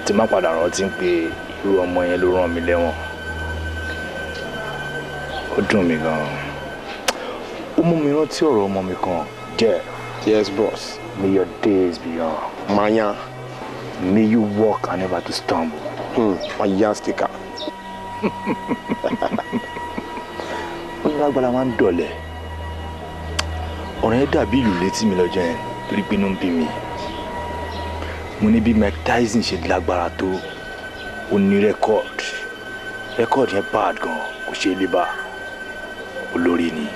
tí má padà rántí pé irú ọmọ yẹn ló rán mi lẹ́wọ̀n ó dùn mí gan-an ó mú mi rántí ọ̀rọ̀ ọmọ mi kan jẹ́ yes boss may your days be long maya may you walk and never to stumble hmm. maya sticker ó ní lágbára máa ń dọ̀lẹ́ ọ̀rọ̀ yẹn dàbí ìlú létí mi lọ́jọ́ yẹn torí pé inú ń bí mi mo ní bí Mike Tyson ṣe lágbára tó ó ní rẹ́kọ̀d rẹ́kọ̀d yẹn bad gan kò ṣe é bá olórí ni.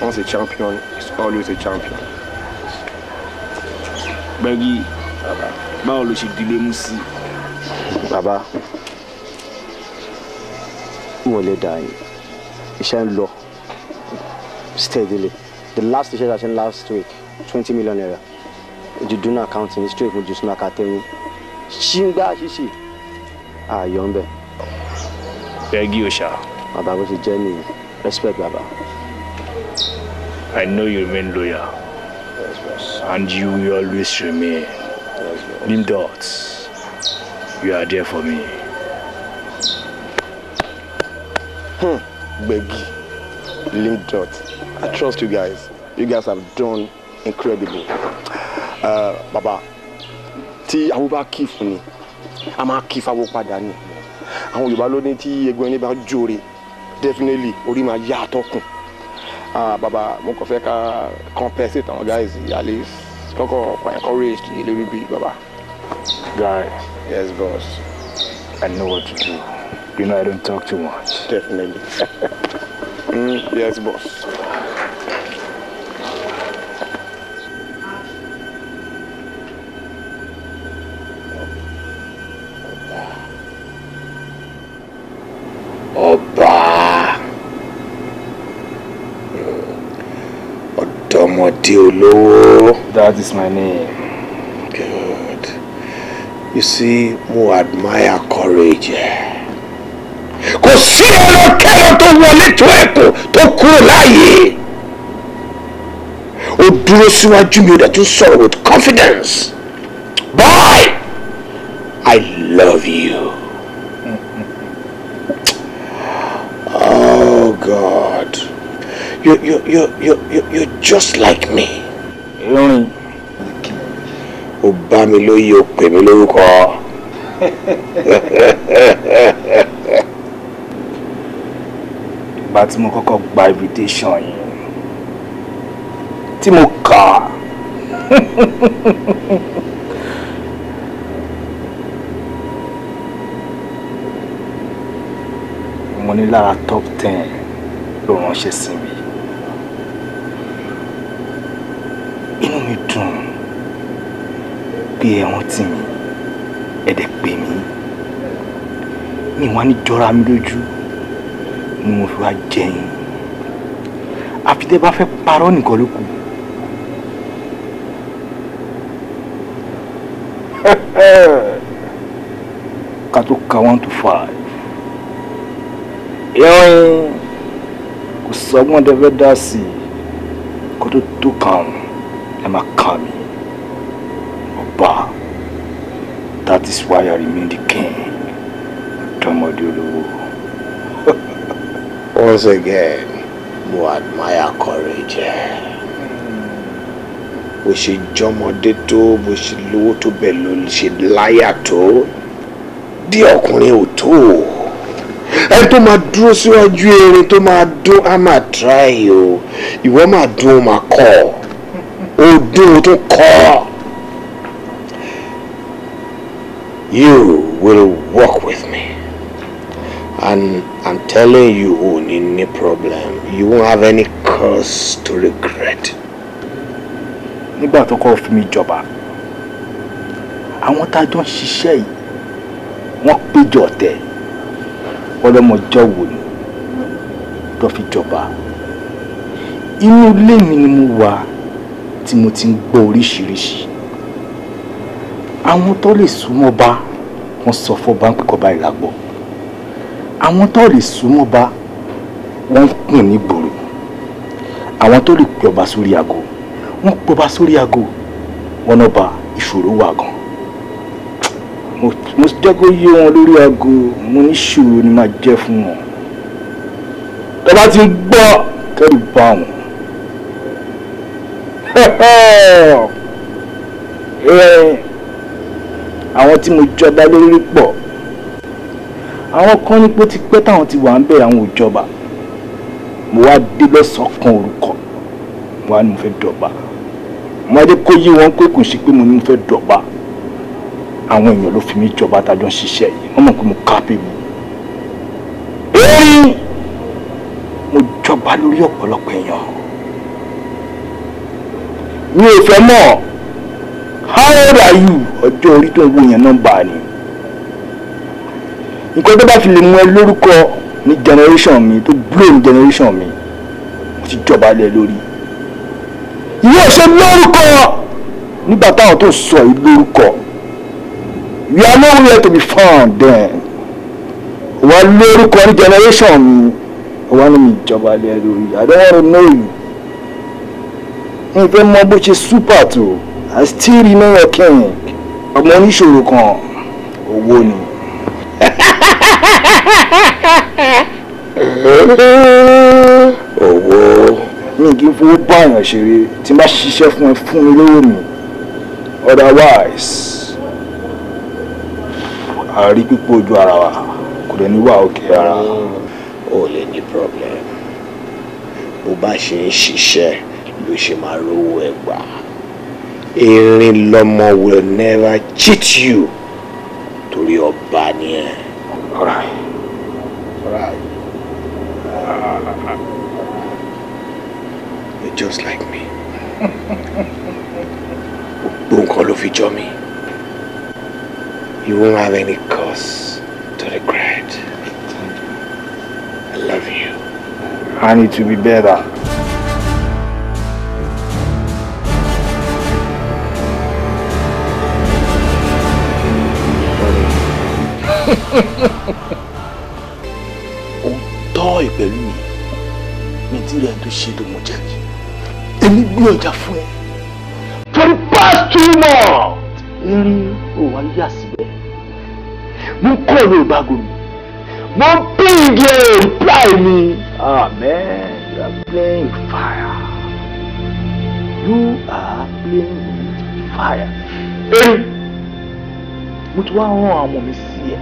once a champion is always a champion. gbẹ́gí báwo ló ṣe dilé mú sí. bàbá wọn lè dà yín iṣẹ́ ń lọ steadily the last iṣẹ́ ta ṣe last week twenty million naira. You do not count in history fún jùsùnà kàtẹ́wò ṣíngbà ṣíṣì ààyò ń bẹ̀. bẹ́ẹ̀gì òṣà. bàbá bó was jẹ́ journey. respect bàbá. I know you remain loyal yes, and you will always remain. Yes, you are there for me. Hmm. Begi, Limdot, I trust you guys. You guys have done incredible. bàbá tí awo kì fún ni a máa kì fáwọ́ padà ni àwọn Yorùbá ló ní tí egun ẹni bá jóore definitely orí máa yá àtọkùn bàbá mo kàn fẹ́ ká compensate àwọn guys yàrá kọ́kọ́ encourage lórí bí bàbá. guy yes boss i know what to do you know i don't talk too much. definitely mm, yes boss. di olówó. that is my name. good you see mo admire courage ẹ kò sí ẹlọkẹlọ tó wọlé tó ẹkùn tó kúrò láàyè O dúró síwájú mi ó dẹ̀ tún sọ̀rọ̀ with confidence boy i love you. you you you you you you're just like me. irin. o bá mi lóyè o pè mí lórúkọ. ìgbà tí mo koko gba invitation yìí tí mo kà mo ní lára top ten ló ránṣẹ́ sí mi. mi dùn pé ẹ rántí mi ẹ dẹ̀ pè mí mi wá ní jọra mi lójú ni mo fi wá jẹyìn àfi tẹ́ bá fẹ́ parọ́ nìkan ló kù. ká tó ka one to five ìrìn kò sọgbọ́n tẹ́ dá sí i kó tó tó kàn án ẹ máa kàn that is why I remain the king ọ̀dọ́mọdé once again we admire courage We should jump on the bó We should tó to ló We should lie bí ọkùnrin ò oto. o ẹni tó máa dúró síwájú erin tó máa dún á máa dry o ìwọ máa dún ó máa kọ odun tó kọ́. You will work with me. And I'm telling you, ò ní ní problem. You won't have any curse to regret. Nígbà tó kọ́ fi mi jọba, àwọn tá a jọ ń ṣiṣẹ́ yìí, wọ́n péjọ ọ̀tẹ̀. Ọlọ́mọjọ́ wo ni tó fi jọba? Inú ilé mi ni mo wà tí mo ti ń gbọ́ oríṣiríṣi àwọn tó lè súnmọ́ bá wọn sọ fọba ń pẹ̀kọ́ báyìí lágbọ́ àwọn tó lè súnmọ́ bá wọn ń pè ní gbòòrò àwọn tó lè pè ọba sórí aago wọn pè ọba sórí aago wọn náà ba ìṣòro wà gan mo jẹ́ kó yé wọn lórí aago mo ní ṣòro ni máa jẹ́ fún wọn tó ti ń gbọ́ kẹ́rù bá wọn àwọn tí mo jọba lórí pọ̀ àwọn kan ní pé ti pẹ́ táwọn ti wà ń bẹ̀ àwọn òjọba mo wá dé lọ́sàn-án kan orúkọ mo wá ní mo fẹ́ dọ̀ba mo wá dé kó yí wọn pé kò ṣe pé mo ní mo fẹ́ dọ̀ba àwọn èèyàn ló fi mí jọba tájọ ń ṣiṣẹ́ yìí wọ́n mọ̀ pé mo kápẹ́bù èyí mo jọba lórí ọ̀pọ̀lọpọ̀ èèyàn mi ò fẹ́ mọ̀ how old are you ọjọ́ orí tó ń wo yẹn nọ́mbà ni nǹkan tó bá fi lè mú ẹ lórúkọ ní generation mi tó blow ní generation mi mo ti jọba lẹ lórí ìwé ọ̀ṣẹ́ lórúkọ nígbà táwọn tó sọ yìí lórúkọ we are nowhere to be found then wà lórúkọ ní generation mi wà ní ìjọba lẹ lórí I don't want to know you mi fẹ́ mọ bó ṣe súpà tó i still remain your king ọmọ oníṣòro kan owó ni. owó. mi kì í fowó báyàn ṣeré tí n bá ṣiṣẹ́ fún ẹ fún mi lówó mi otherwise àárí pípọ̀ ojú ara wa kò lè ní wà òkè ara. o lè ní problem bó bá ṣe ń ṣiṣẹ́ ló ṣe máa rówó ẹ gbà will never cheat you To your ni ẹ. ọ̀rá ọ̀rá you're just like me gbogbo nǹkan ló you won't have any cause to regret I love you. I need to be better. òótọ́ ìbẹ̀rù mi mi ti rẹ̀ tó ṣe lòmọ̀ jẹ́ mi èmi gbé ọjà fún ẹ for the past two months eré òwà yà síbẹ̀ mo kọ́ ọ̀rọ̀ ìbágo mi mo ń pín ìgbẹ́ ìpláì mi amen you are playing fire you are playing fire eré mo ti wá rán àwọn ọmọ mi sí ẹ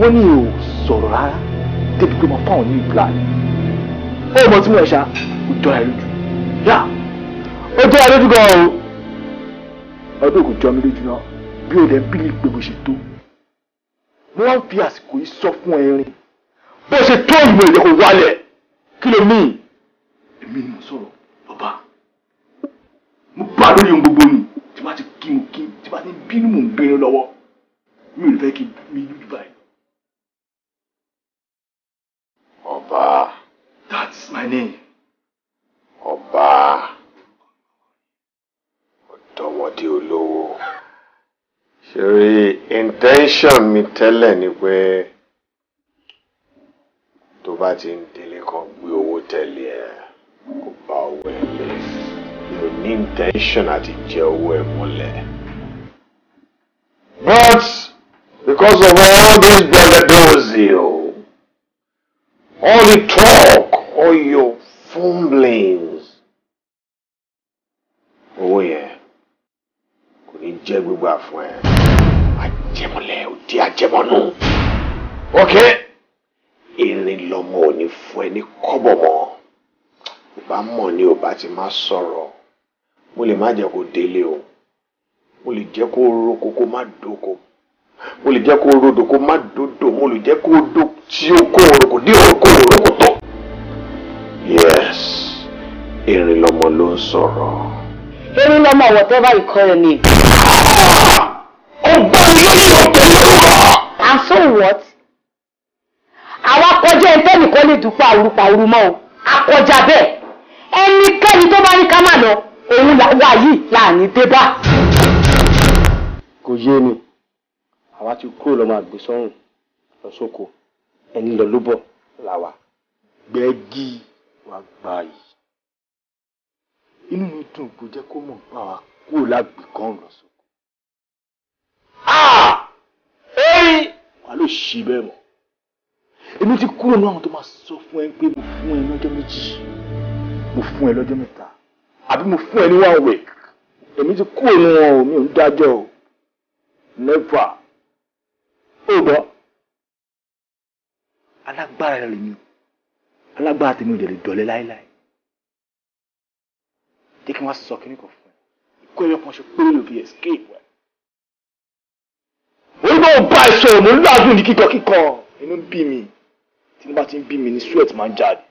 wọ́n ní ò sọ̀rọ̀ rárá débi pé mo fáwọn ní ìgbà rẹ̀ ó mọ tí mo ẹ̀ṣá ó jọ ẹ lójú yá ó jọ ẹ lójú gan-an o ọdún kò jọ mi lójú náà bí ó lẹ́ bí lè pé mo ṣe tó mo wá ń fi àsìkò yìí sọ fún ẹrin bó ṣe tó ìwé ìyẹn kò wálẹ̀ kí ló mí èmi ni mo sọ̀rọ̀ bàbá mo bá lórí ohun gbogbo ni tí bá ti kí mo kí tí bá ti bínú mò ń gbé lọ́wọ́ mi ò fẹ́ kí mi lójú báyìí. Oba. That my name. Oba. Ọ̀dọ́mọdé olówó. Ṣeré intention mi tẹ́lẹ̀ ni pé tó bá ti ń délé kan gbé owó tẹ̀lé ẹ̀ kó bá owó ẹ̀ lé. ní intention àti jẹ owó ẹ̀ mọ́lẹ̀. But because of all these belly dozio. Oh, all the talk, all your fumblings. Owó yẹn kò ní jẹ́ gbígbà fún ẹ. Ajẹmọ́lẹ̀ Okay. Irin lọmọ ò ní fún ẹ ní kọ́bọ̀ mọ́. Ò ni ò ti máa Mo o. Mo lè jẹ́ ko roko kó má doko. Mo dodo. Mo ko doko. tí ó kó orúkọ dé orúkọ orúkọ tán. yes erin lọmọ ló ń sọ̀rọ̀. erin lọmọ whatever you call your name. ọgbọ́n mi lórí ọ̀tẹ̀ lórúkọ. and so what? àwa kọjá ẹni tẹ́nìkan lè dúpọ̀ àwùrùpàwùrù mọ́ o àkọjá bẹ́ẹ̀ ẹnikẹ́ni tó bá ní ká má lọ òun làwa yìí láàní dé bá. kò yé ni àwa ti kúrò lọ́mọ àgbésọ́rùn lọ ẹni lọ ló bọ̀ làwà gbẹ́gì wàá gbà yìí inú mi dùn kó jẹ́ kó mọ̀ bá wa kúrò lágbèkán lọ sóko. ẹ̀yìn wàá ló ṣì bẹ́ẹ̀ mọ̀ èmi ti kúrò náà àwọn tó máa sọ fún ẹ pé mo fún ẹ lọ́jọ́ méjì mo fún ẹ lọ́jọ́ mẹ́ta àbí mo fún ẹ ní one week èmi ti kúrò nínú mi ò ń dájọ́ never ó gbọ́ alágbára rẹ lèmi alágbára tèmi ò dẹ̀ lè dọ̀lẹ́ láéláé jẹ́ kí wọ́n sọ kíní kan fún ẹ ikú ẹyọ kan ṣe péré ló fi escape ẹ. orúkọ ọba ìṣòro mò ń làágùn ní kíkọ kíkọ inú ń bí mi tí mo bá ti ń bí mi ní sweat máa ń jáde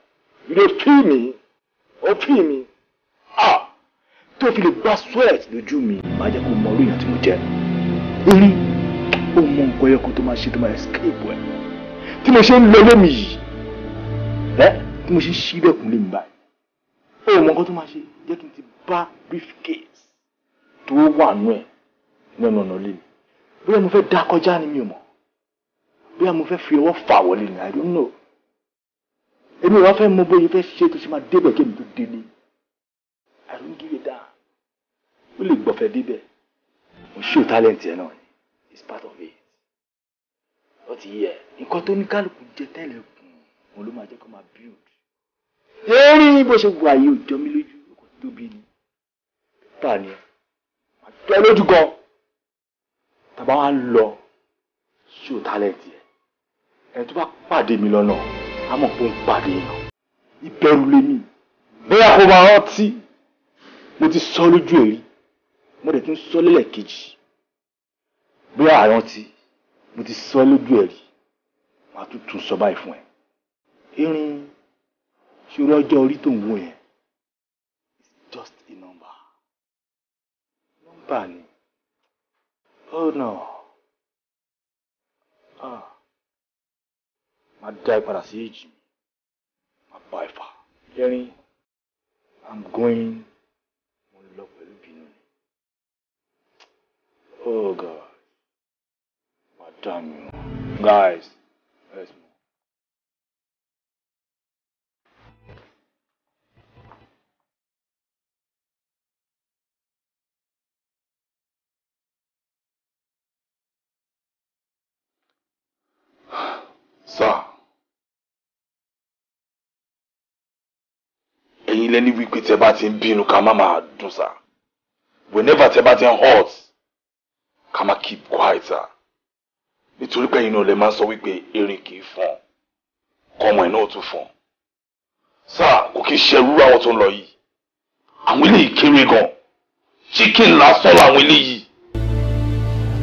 ìlú fi mi ó fi mi ah tó fi lè gbá sweat lójú mi máa jẹ́ kó mọ orí èèyàn tí mo jẹ́ orí ó mọ nǹkan ẹyọ kan tó máa ṣe tó máa escape ẹ tí mo ṣe ń lọ lémi yìí ẹ tí mo ṣe ń ṣílẹ̀kùn lémi báyìí ó mọ nǹkan tó máa ṣe jẹ́ kí n ti bá briefcase tó wà nù ẹ̀ lẹ́nu ọ̀nà lé mi bóyá mo fẹ́ dá kọjá ni mi ò mọ̀ bóyá mo fẹ́ fi ọwọ́ fà wọlé ni I don't know èmi wàá fẹ́ mọ bóyá fẹ́ ṣe tó ṣe máa débẹ̀ kí èmi tó délé I don't give a damn ó lè gbọ̀fẹ́ débẹ̀ mo ṣó talent ẹ̀ náà it's part of it ó ti yẹ nǹkan tó ní kálukú jẹ tẹ́lẹ̀ kùn òun ló máa jẹ́ kó máa build. eré bó ṣe wà yìí ò jọ mí lójú kò tóbi ni tà ni ẹ jọ lójú gan tàbá wa lọ ṣó tálẹ̀tì ẹ ẹ tó bá pàdé mi lọ́nà á mọ̀ pé ó ń pàdé yàn ìbẹ̀rù lèmi bóyá kò máa rántí mo ti sọ lójú èrí mo dẹ̀ tún sọ lélẹ̀ kejì bóyá àrántí mo ti sọ ẹ́ lójú ẹ̀ rí màá tún tún sọ báyìí fún ẹ. irin ṣòro ọjọ́ orí tó ń wò yẹn it's just a number. nọ́mbà ni oh no ah màá dá ẹ padà sí èjì mi màá bá ẹ fà irin i'm going mo lọ pẹ̀lú bínú ni oh god. damn you. Guys, let's move. Sir. Ẹ̀yin lẹ́ni wípé tẹ bá ti ń bínú ká má hot, keep quiet sir nítorí pé inú ọ̀lẹ́ máa ń sọ wípé erin kì í fọn kọmọ ẹ̀ náà tún fọn sáà kò kí ń ṣerú àwọn tó ń lọ yìí àwọn eléyìí kéré gan chicken lásán làwọn eléyìí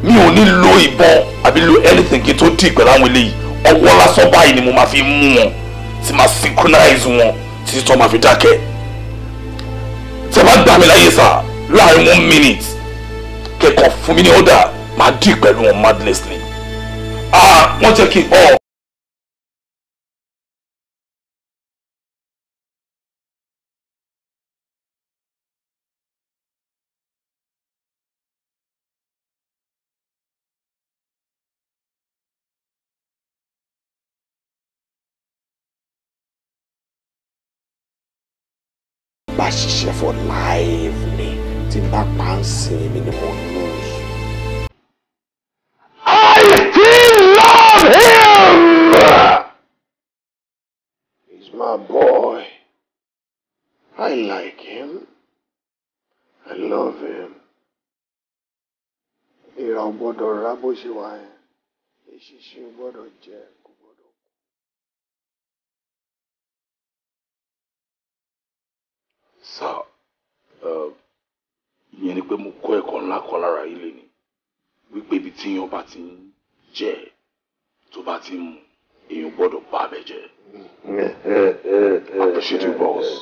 mi ò ní lo ìbọn àbí lo anything kí n tó dì pẹ̀lú àwọn eléyìí ọwọ́ lásán báyìí ni mo máa fi mú wọn tí máa synchronize wọn títí tó máa fi dákẹ́ tí a bá gbà mí láyé sá láàrin one minute kẹ́kọ̀ọ́ fún mi ní ọ̀dà máa dì pẹ̀lú wọn madnessly. Ah, wọ́n jẹ́ kí n ọ̀. bá ṣiṣẹ́ for life ni tí n bá pa ń sin ni mo ní. my boy. I like him. I love him. Ìràn gbọ́dọ̀ rà bó ṣe wà yẹn. Èṣìṣẹ́ gbọ́dọ̀ jẹ kò gbọ́dọ̀ kú. Sá ìyẹn ni pé mo kọ́ ẹ̀kọ́ ńlá kan lára yìí lè ní wípé ibi tí èèyàn bá ti ń jẹ tó bá ti ń mu èèyàn gbọ́dọ̀ bá abẹ jẹ́. appreciate you, boss.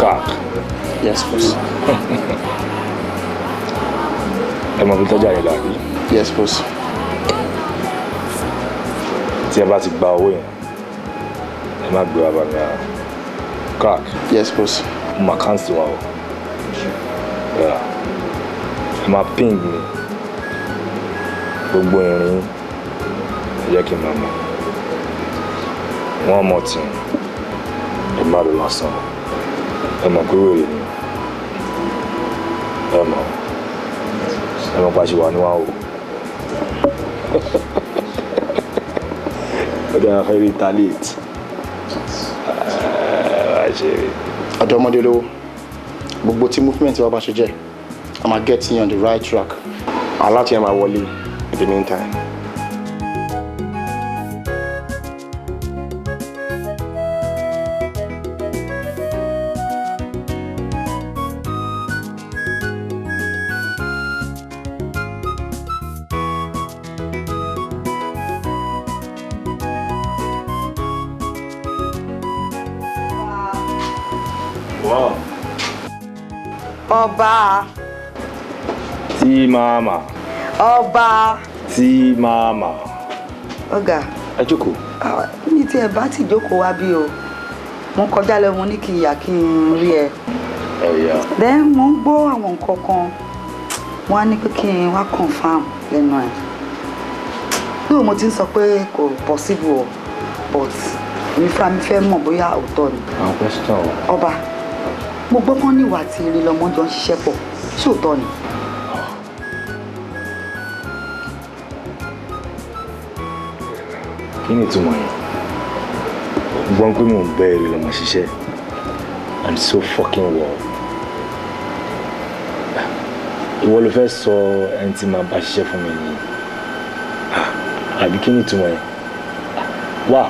Как? Я suppose. Ẹ mọ̀ bí tọ́jú àyè làbí. Yes, boss. Tí ẹ bá ti gba owó yẹn, ẹ má gbé wa bàgà. Yes, boss. Mo máa cancel wa o. Ẹ máa ping mi. Gbogbo irin jẹ́ kí n máa mọ̀. One more thing, ẹ má lọ lásán ẹmọ gue wèrè ni ẹmọ ẹmọ pàṣẹ wà níwá o ó dára fẹ́ rí talit ọ̀dọ́ ọmọdé movement wa bá je? jẹ́ a you on the right track aláàtì ẹ̀ máa wọlé in the meantime. Ọba. Tí màmá. Ọba. Tí màmá. Ọ̀gá. Ẹ jókòó. Mi ti ẹ̀ bá ti jókòó wá bí o. Mo kọjá lọ ní kí n yà kí n rí ẹ. Ẹ̀yà. Then mo ń gbọ́ àwọn nǹkan kan. Wọ́n á ní pé kí n wá confam lẹ́nu ẹ̀. Lóò mo ti ń sọ pé kò possible but èmi fúnra mi fẹ́ mọ̀ bóyà òótọ́ ni. Àwọn question. Ọba mo gbọ́ kán níwà àti eré lọ́mọ jọ ń ṣiṣẹ́ pọ̀ ṣòótọ́ ni. kí ni ìtumọ̀ yẹn gbọ́n pé mò ń bẹ́ eré lọ́mọ ṣiṣẹ́ i'm so fucking well ìwọ ló fẹ́ sọ ẹni tí màá bá ṣiṣẹ́ fún mi yìí àbí kí ni ìtumọ̀ yẹn wà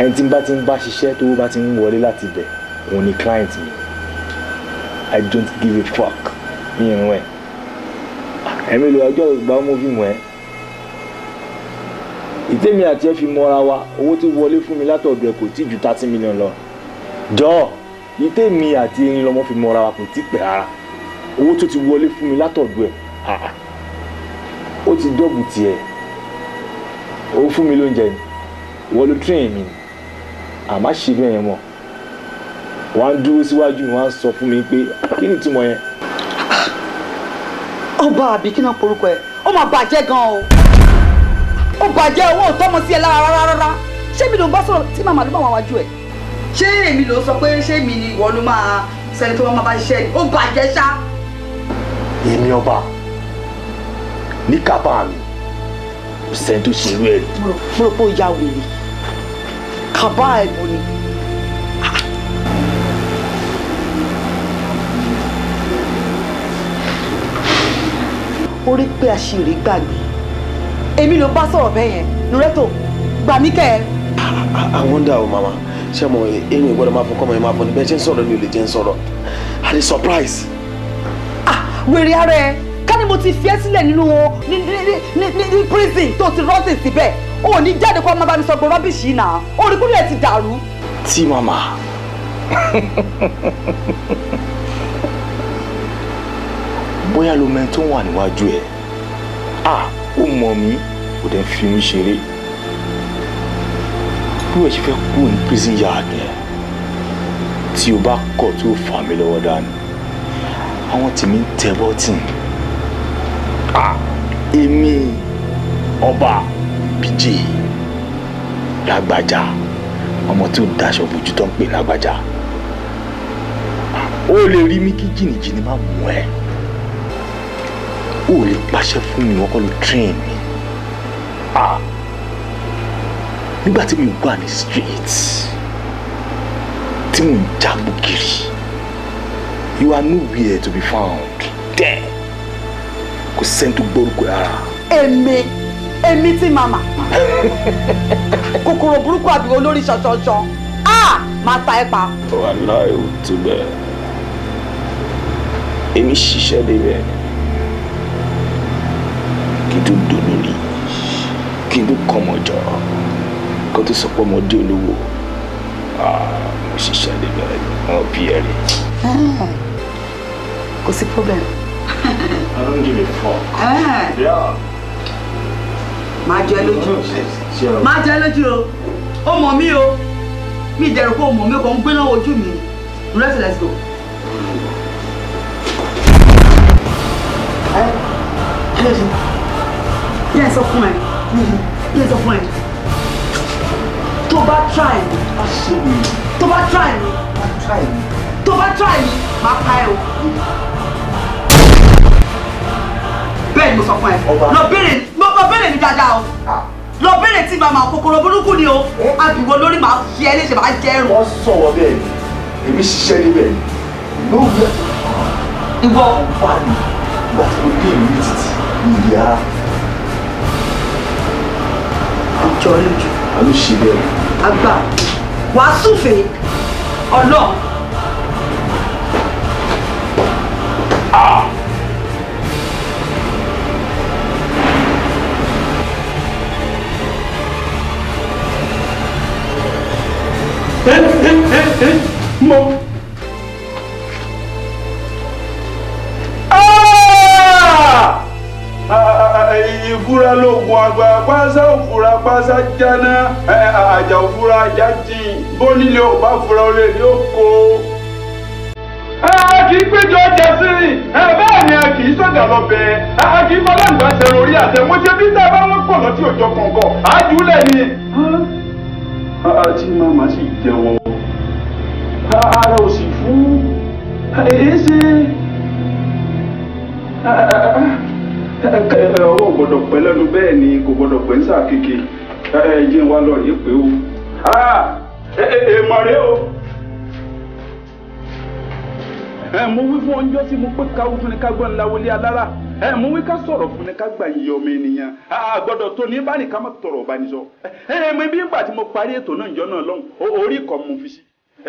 ẹni tí n bá ti ń bá ṣiṣẹ́ tó bá ti ń wọlé láti bẹ̀. When ni client me, i don't give a fuck ní irun ẹ̀ ẹ̀mí lè ọjọ́ ìgbà mú fíìmù ẹ̀ ìtẹ́mi àti ẹ̀ fi mọ́ra What you want wọlé fún mi látọ̀dọ̀ ẹ̀ kò tí ju thirty million lọ jọ̀ọ́ ìtẹ́mi àti ẹ̀yin lọ́mọ fi mọ́ra wa kò tí pẹ́ rárá owó tó ti wọlé fún mi látọ̀dọ̀ ẹ̀ ó ti dọ́bù tiẹ̀ ó fún mi lóúnjẹ ni wọ́n ló tírẹ̀yìn mi àmọ́ ṣe bẹ́ẹ̀ yẹn mọ́ wà á dúró síwájú mi wà á sọ fún mi pé kí ni ìtumọ̀ yẹn. Ah, ọba àbí kí náà porúkọ ẹ ó máa bàjẹ́ gan o ó bàjẹ́ owó tọ́mọ sí ẹ lára rárá rárá ṣé mi ló ń bá sọ̀rọ̀ tí màmá ló bá wà wájú ẹ̀ ṣé èmi ló sọ pé ṣé mi ni ìwọ ló máa sẹni tó máa bá ṣiṣẹ́ ni ó bàjẹ́ ṣá. èmi ọba ní kábà mi kò sẹ́ni tó ṣe irú ẹ̀ mo rò pé ó ya wèrè kábà ẹ̀ mo ni. ó rí pé àṣírí gbàgbé èmi ló bá sọ̀rọ̀ bẹ́ẹ̀ yẹn Nureto gbà mí kẹ́ ẹ. I wonder o oh, mama ṣé mo èmi ìgbọ́dọ̀ máa fún kọ́mọ yẹn máa fún ni bẹ́ẹ̀ ṣe ń sọ̀rọ̀ mi ò lè jẹ́ ń sọ̀rọ̀ àti surprise. ah wèrè ara ẹ ká ní mo ti fi ẹ́ sílẹ̀ nínú wọn ní ní ní prison tó ti rọ́ọ̀sì síbẹ̀ o ò ní jáde kó máa bá mi sọ pé rọ́bìṣì yìí nà orí kúrò ẹ̀ ti dàrú. tí mama. bóyá ló mẹ́ni tó wà níwájú ẹ̀ à ó mọ̀ mí kò dẹ̀ fi mí ṣeré bí wọ́n ṣe fẹ́ kúrò ní prison yard yẹn tí o bá kọ̀ tí o fà mí lọ́wọ́ dání àwọn tèmi ń tẹ bọ́tìn à èmi ọba bíjì lágbájá ọmọ tí ó daṣọ bojú tó ń pè lágbájá ó lè rí mi kí jìnnìjìnnì má mú ẹ ò lè pàṣẹ fún mi wọ́n kọ́ ló train mi ah nígbà tí mo wà ní street tí mo ń jágbó kiri you are nowhere to be found there kò sẹ́ni tó gbórúkọ rárá. èmi èmi tí màmá kòkòrò burúkú àbí olórí ṣanṣanṣan ah máa ta ẹ pa. wàhálà ò tó èmi ṣiṣẹ́ débẹ̀ kí n tó dòlò ní kí n tó kọ́ ọmọ jọ kó tó sọ pé ọmọdé olówó mo ṣiṣẹ́ níbẹ̀ wọn bí ẹ ah, kò sí problem. I don't give a fuck. Ah. máa jẹ lójú máa jẹ lójú o ó mọ̀ mí o mi ìdẹ̀rù kó mọ̀ mí kò ń gbé náà ojú mi rest let's go. Thank mm. eh, you bí of mine, fún ẹ bí ẹ sọ fún ẹ tó bá try mi tó bá try mi tó bá try mi máa pa ẹ o bẹ́ẹ̀ No mo No fún ẹ lọ bẹ̀rẹ̀ lọ bẹ̀rẹ̀ mi dáadáa o ah. lọ bẹ̀rẹ̀ tí màmá kòkòrò burúkú ni o àbíwọ eh? lórí màá fi ẹ léṣe màá jẹ ẹrù. wọ́n sọ̀rọ̀ bẹ́ẹ̀ èmi ṣiṣẹ́ níbẹ̀ lóògbé ìwọ ìgbà tó dé ìlú títì ìyá jọ ẹ lójú. a ló ṣe bẹ́ẹ̀. àgbà wàá hey, hey, mo àgbà pàṣẹ òfura pàṣẹ jẹnà ẹ àjà òfura àjà jì bó nílé ò bá fura ó lè ní oko. ẹ kì í péjọ ọjà sí ẹ bẹ́ẹ̀ ni ẹ kì í sọ̀dà lọ́bẹ̀ ẹ kì í fọlá ìgbà sẹ̀rọ̀ orí àtẹ̀wọ́n ṣe bí sábà wọn kọ̀ lọ́tí òjò kọ̀ọ̀kan àjùlẹ̀ ni. àti màmá sì jẹun. gbọ́dọ̀ pẹ́ lẹ́nu bẹ́ẹ̀ ni kò gbọ́dọ̀ pẹ́ ń sàkèké ẹ wa lọ pé o o. wí fún ọjọ́ tí mo pé fún ni ká gbọ́n wọlé alára wí ká sọ̀rọ̀ fún ni ká gbà yí ọmọ ènìyàn tó ní báyìí ká má tọrọ ìgbà tí mo parí ètò náà ìjọ náà lọ́hùn orí ìkọ́ mo fi sí ẹ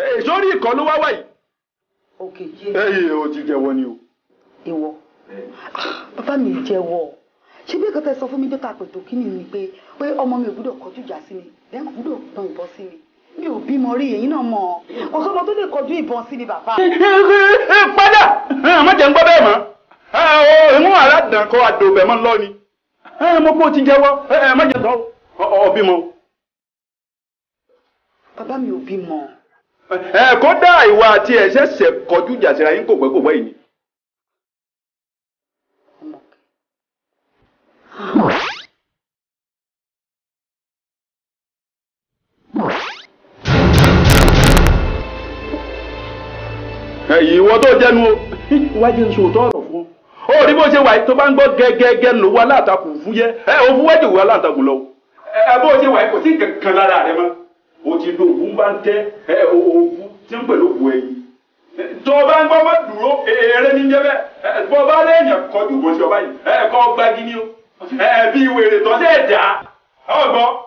ẹ bàbá mi jẹ́wọ́. ṣé bí èkó tẹ sọ fún mi dókítà pẹ̀tọ́ kí ni pé pé ọmọ mi ò gbúdọ̀ kọjú ìjà sí mi bẹ́ẹ̀ kò gbúdọ̀ gbọ́n ìbọn sí mi mi ò bímọ rí èyí náà mọ̀ kò sọ́mọ tó lè kọjú ìbọn sí mi bàbá. padà àmọ́ jẹ́ ń gbọ́ bẹ́ẹ̀ mọ́ ẹ̀mú aládàn kọ́ àdòbẹ̀ mọ́ lọ ni mo kó ti jẹ́wọ́ ẹ̀ má jẹ́ tọ́ ọ bímọ. bàbá mi ò bímọ. kódà ìwà àti ẹ̀ṣẹ̀ṣẹ̀ kọjú ìjà síra yìí ìwọ tó jẹnu o wájú ń sòótọ́ ọ̀rọ̀ fún ọ rí bó ṣe wà tó bá ń gbọ́ gẹ́gẹ́gẹ́ lówó aláǹtakùn fúyẹ́ ẹ òfú wájú wọ aláǹtakùn lọ ẹ bó ṣe wà kò sí kankan lára rẹ mọ́ o ti lo òkú bá ń tẹ ẹ òkú tí ń pèlú òkú ẹyìn tó o bá ń gbọ́ bá dúró e, eré ní jẹ́ bó o bá léèyàn kọjú bó ṣe ọ báyìí ẹ kọ́ gbagi ni o ẹ bí wèrè tó ṣe é dà ọgbọ́n.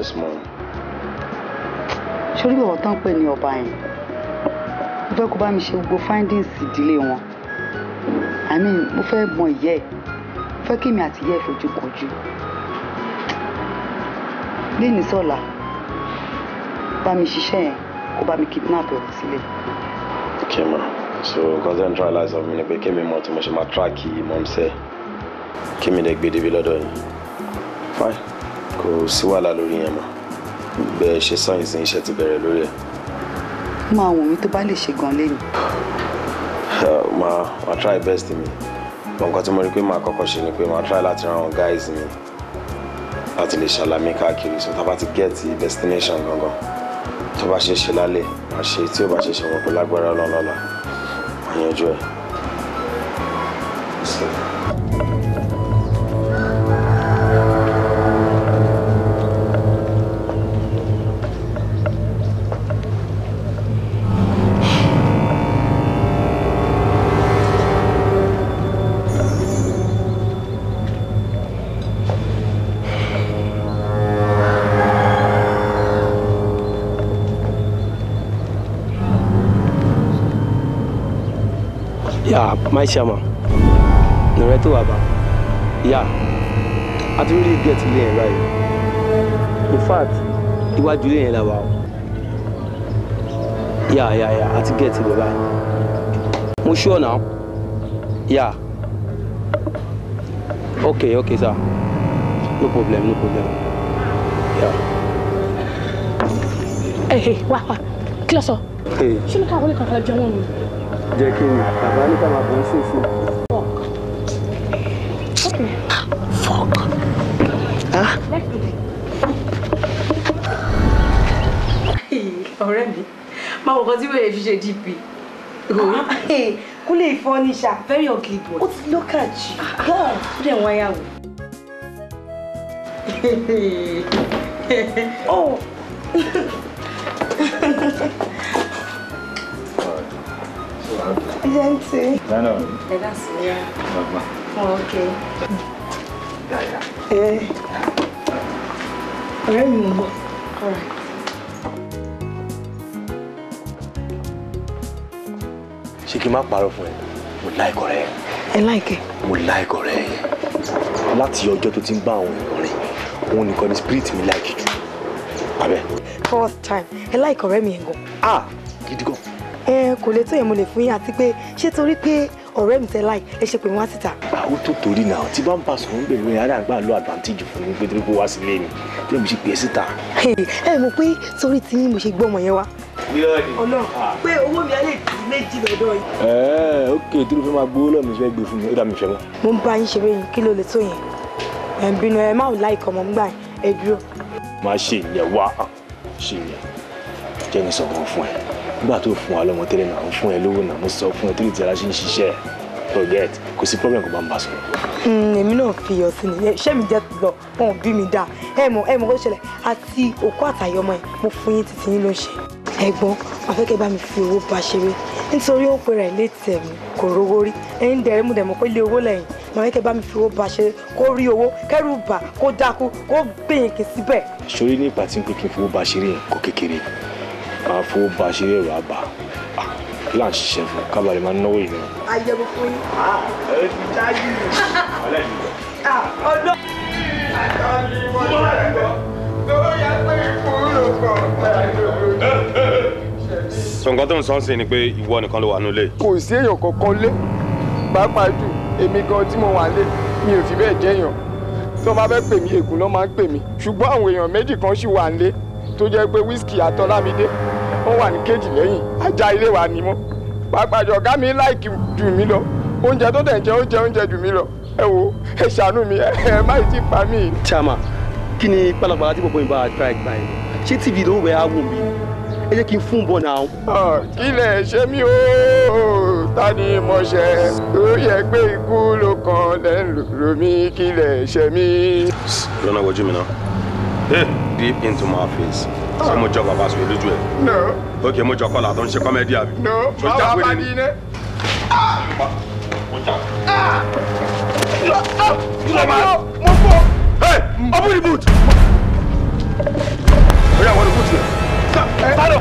this morning. sórí bàbá tán pè ní ọba yẹn mo fẹ́ kó bá mi ṣe gbogbo findings ìdílé wọn i mean mo fẹ́ mọ ìyẹ́ ẹ̀ mo fẹ́ kí mi àti ìyẹ́ ẹ̀ fojú kojú lẹ́ni sọ̀la bá mi ṣiṣẹ́ yẹn kó bá mi kidnap ẹ̀ sílẹ̀. okay ma so because I'm trying to láti sọ fún mi ni pé kí mi mọ tí mo ṣe máa track yìí mọ̀ ń sẹ́ kí fine kò sí wàhálà lórí yẹn mọ́ bẹ́ẹ̀ ṣe sọ ìsìn iṣẹ́ ti bẹ̀rẹ̀ lórí ẹ̀. máa wò mí tó bá lè ṣe gan lẹ́yìn. máa máa try best mi nǹkan tí mo rí pé máa kọ́kọ́ ṣe ni pé máa try láti ran àwọn guys mi láti lè ṣàlàmì káàkiri so tá a bá ti get destination gangan tó bá ṣe ṣe lálẹ́ máa ṣe tí ò bá ṣe ṣe wọn pé lágbára lọ́la máa yanjú ẹ̀. Thank you. my chairman nìrẹ́ tó wà bá yà á really get ilé yẹn right in fact iwájú ilé doing là about. Yeah, yeah, yeah. I á get to ilé báyìí mo sure now Yeah. okay okay sir no problem no problem yà. hey, ẹ wá wá kí Hey. sọ. I ló ká wọlé kan fẹlẹ jẹ́ kí ni bàbá ní káwọn àbọ̀ ń ṣèṣe. fọ́ọ̀k. ọ̀rẹ́ mi máa wọ̀ kan tí wọ́n yẹ fi ṣe dp. Ah, kúlẹ̀ ìfọ́ ní ṣá very ugly boy. ó ti lọ́kà jù. Ah, ah. ó dẹ̀ wọ́n yàwó. oh. Gente. No, no. Me da Oh, ok. Ya, yeah, ya. Yeah. Eh. Ọ̀rẹ́ mi ń bọ̀. All right. ṣé kí n má parọ́ fún ẹ mo láìkọ̀ rẹ. ẹ láìkẹ́. mo láìkọ̀ rẹ yẹn láti ọjọ́ tó ti ń bá àwọn èèyàn rìn òun spirit mi láìkì jù. abẹ́. time ẹ láìkọ̀ rẹ ah ẹ kò lè tó yẹn mo lè fún yín àti pé ṣé torí pé ọ̀rẹ́ mi tẹ́ láì ẹ ṣe pé wọ́n á síta. àwọn tó torí náà tí bá ń bá sọ̀rọ̀ ń bẹ̀rẹ̀ rẹ̀ àdàgbà lo advantage fún mi pété kó wá sílé mi tí mo ṣe pè é síta. ẹ mọ̀ pé torí tí mo ṣe gbọ́ ọmọ yẹn wá. ọlọ́run ah. pé owó mi á lè di méjì lọ́dọ̀ yìí. ẹ ẹ ok tí mo fẹ́ máa gbowó lọ́ọ̀ mi fẹ́ gbé e fún mi ó dà mí fẹ́ mọ́. mo ń bá yín ṣeré yín kí ló lè tó yẹn ẹ ń bínú ẹ má ò láì ṣe nígbà tó fún wa lọ́mọ tẹ́lẹ̀ náà ń fún ẹ lówó náà mo sọ fún ẹ tẹ́lẹ̀ tí ara ṣe ń ṣiṣẹ́ forget kò sí problem kò bá ń bá sọ̀rọ̀. Hmm, èmi náà fi ọtí nìyẹn iṣẹ́ mi jẹ́ lọ wọn ò bí mi dáa ẹ mọ ẹ mọ kó ṣẹlẹ̀ àti òkú àtàyọmọ ẹ mo fún yín títí yín ló ń ṣe ẹ̀gbọ́n afẹ́kẹ́ bá mi fi owó ba ṣeré nítorí ó ń pera ẹ̀ létí ẹ̀mí kò rówó rí ẹ̀yin dẹ̀rẹ́ mo dẹ̀ mọ̀ pé lé owó lẹ́yìn màá fẹ́kẹ́ bá mi fi owó ba ṣeré kó rí owó kẹ́rù bà kó dákú kó gbẹ̀yìn kì í síbẹ̀. ṣorí ní ìgbà tí n pè kí n fowó ba ṣeré nǹkan kékeré ká fowó ba ṣeré ẹ̀rọ àbá kí ah, là ń ṣiṣẹ́ fún kábàlì máa ń náwó ìlú. àyẹ̀wò fún yín. ẹ ti jáde ọ̀lẹ́ mi. ọdọ. àtàlí wọn ṣe é lọ lórí ẹgbẹ́ ìfowórò kan pẹ̀lú nǹkan tó ń sọ sí ni pé ìwọ nìkan ló wà nílé. kò sí èèyàn kankan lé pàápàá jù èmi gan tí mo wà lé mi ò fi bẹ́ẹ̀ jẹ́yàn tó bá fẹ́ pè mí ègún ló máa ń pè mí ṣùgbọ́n àwọn èèyàn méjì kan ṣì wà nílé tó jẹ́ pé wíṣkì àtọ́lámídé wọ́n wà ní kéjì lẹ́yìn ajá ilé wa ni mọ́ pàápàá ọ̀gá mi láìkì jù mí lọ oúnjẹ tó dẹ̀ jẹ́ oúnjẹ oúnjẹ jù mí lọ ẹ wo ẹ ṣàánú mi ẹ má ì pa mí. chama kí ni pálapàla tí bọ̀bọ ìbá àgbà ẹ̀gbà yẹn ṣé tv ló wẹ̀ á wò mí ẹ jẹ́ kí n fún bọ̀ náà. kí lẹ ṣe mí ooo ta ni mo ṣe ó yẹ pé ikú ló kàn lẹ́ ń lò mí kí lẹ ṣe mí. lọ́nà wojú mi eh, deep into my face se mo jọ bàbá sùn lójú ẹ. ok mo jọ kọlà tó ń ṣe kọ́mẹ́dì àbí. o já pé ni. Ah! mo fọ. open the boot. oya wọlé boot rẹ. sáré.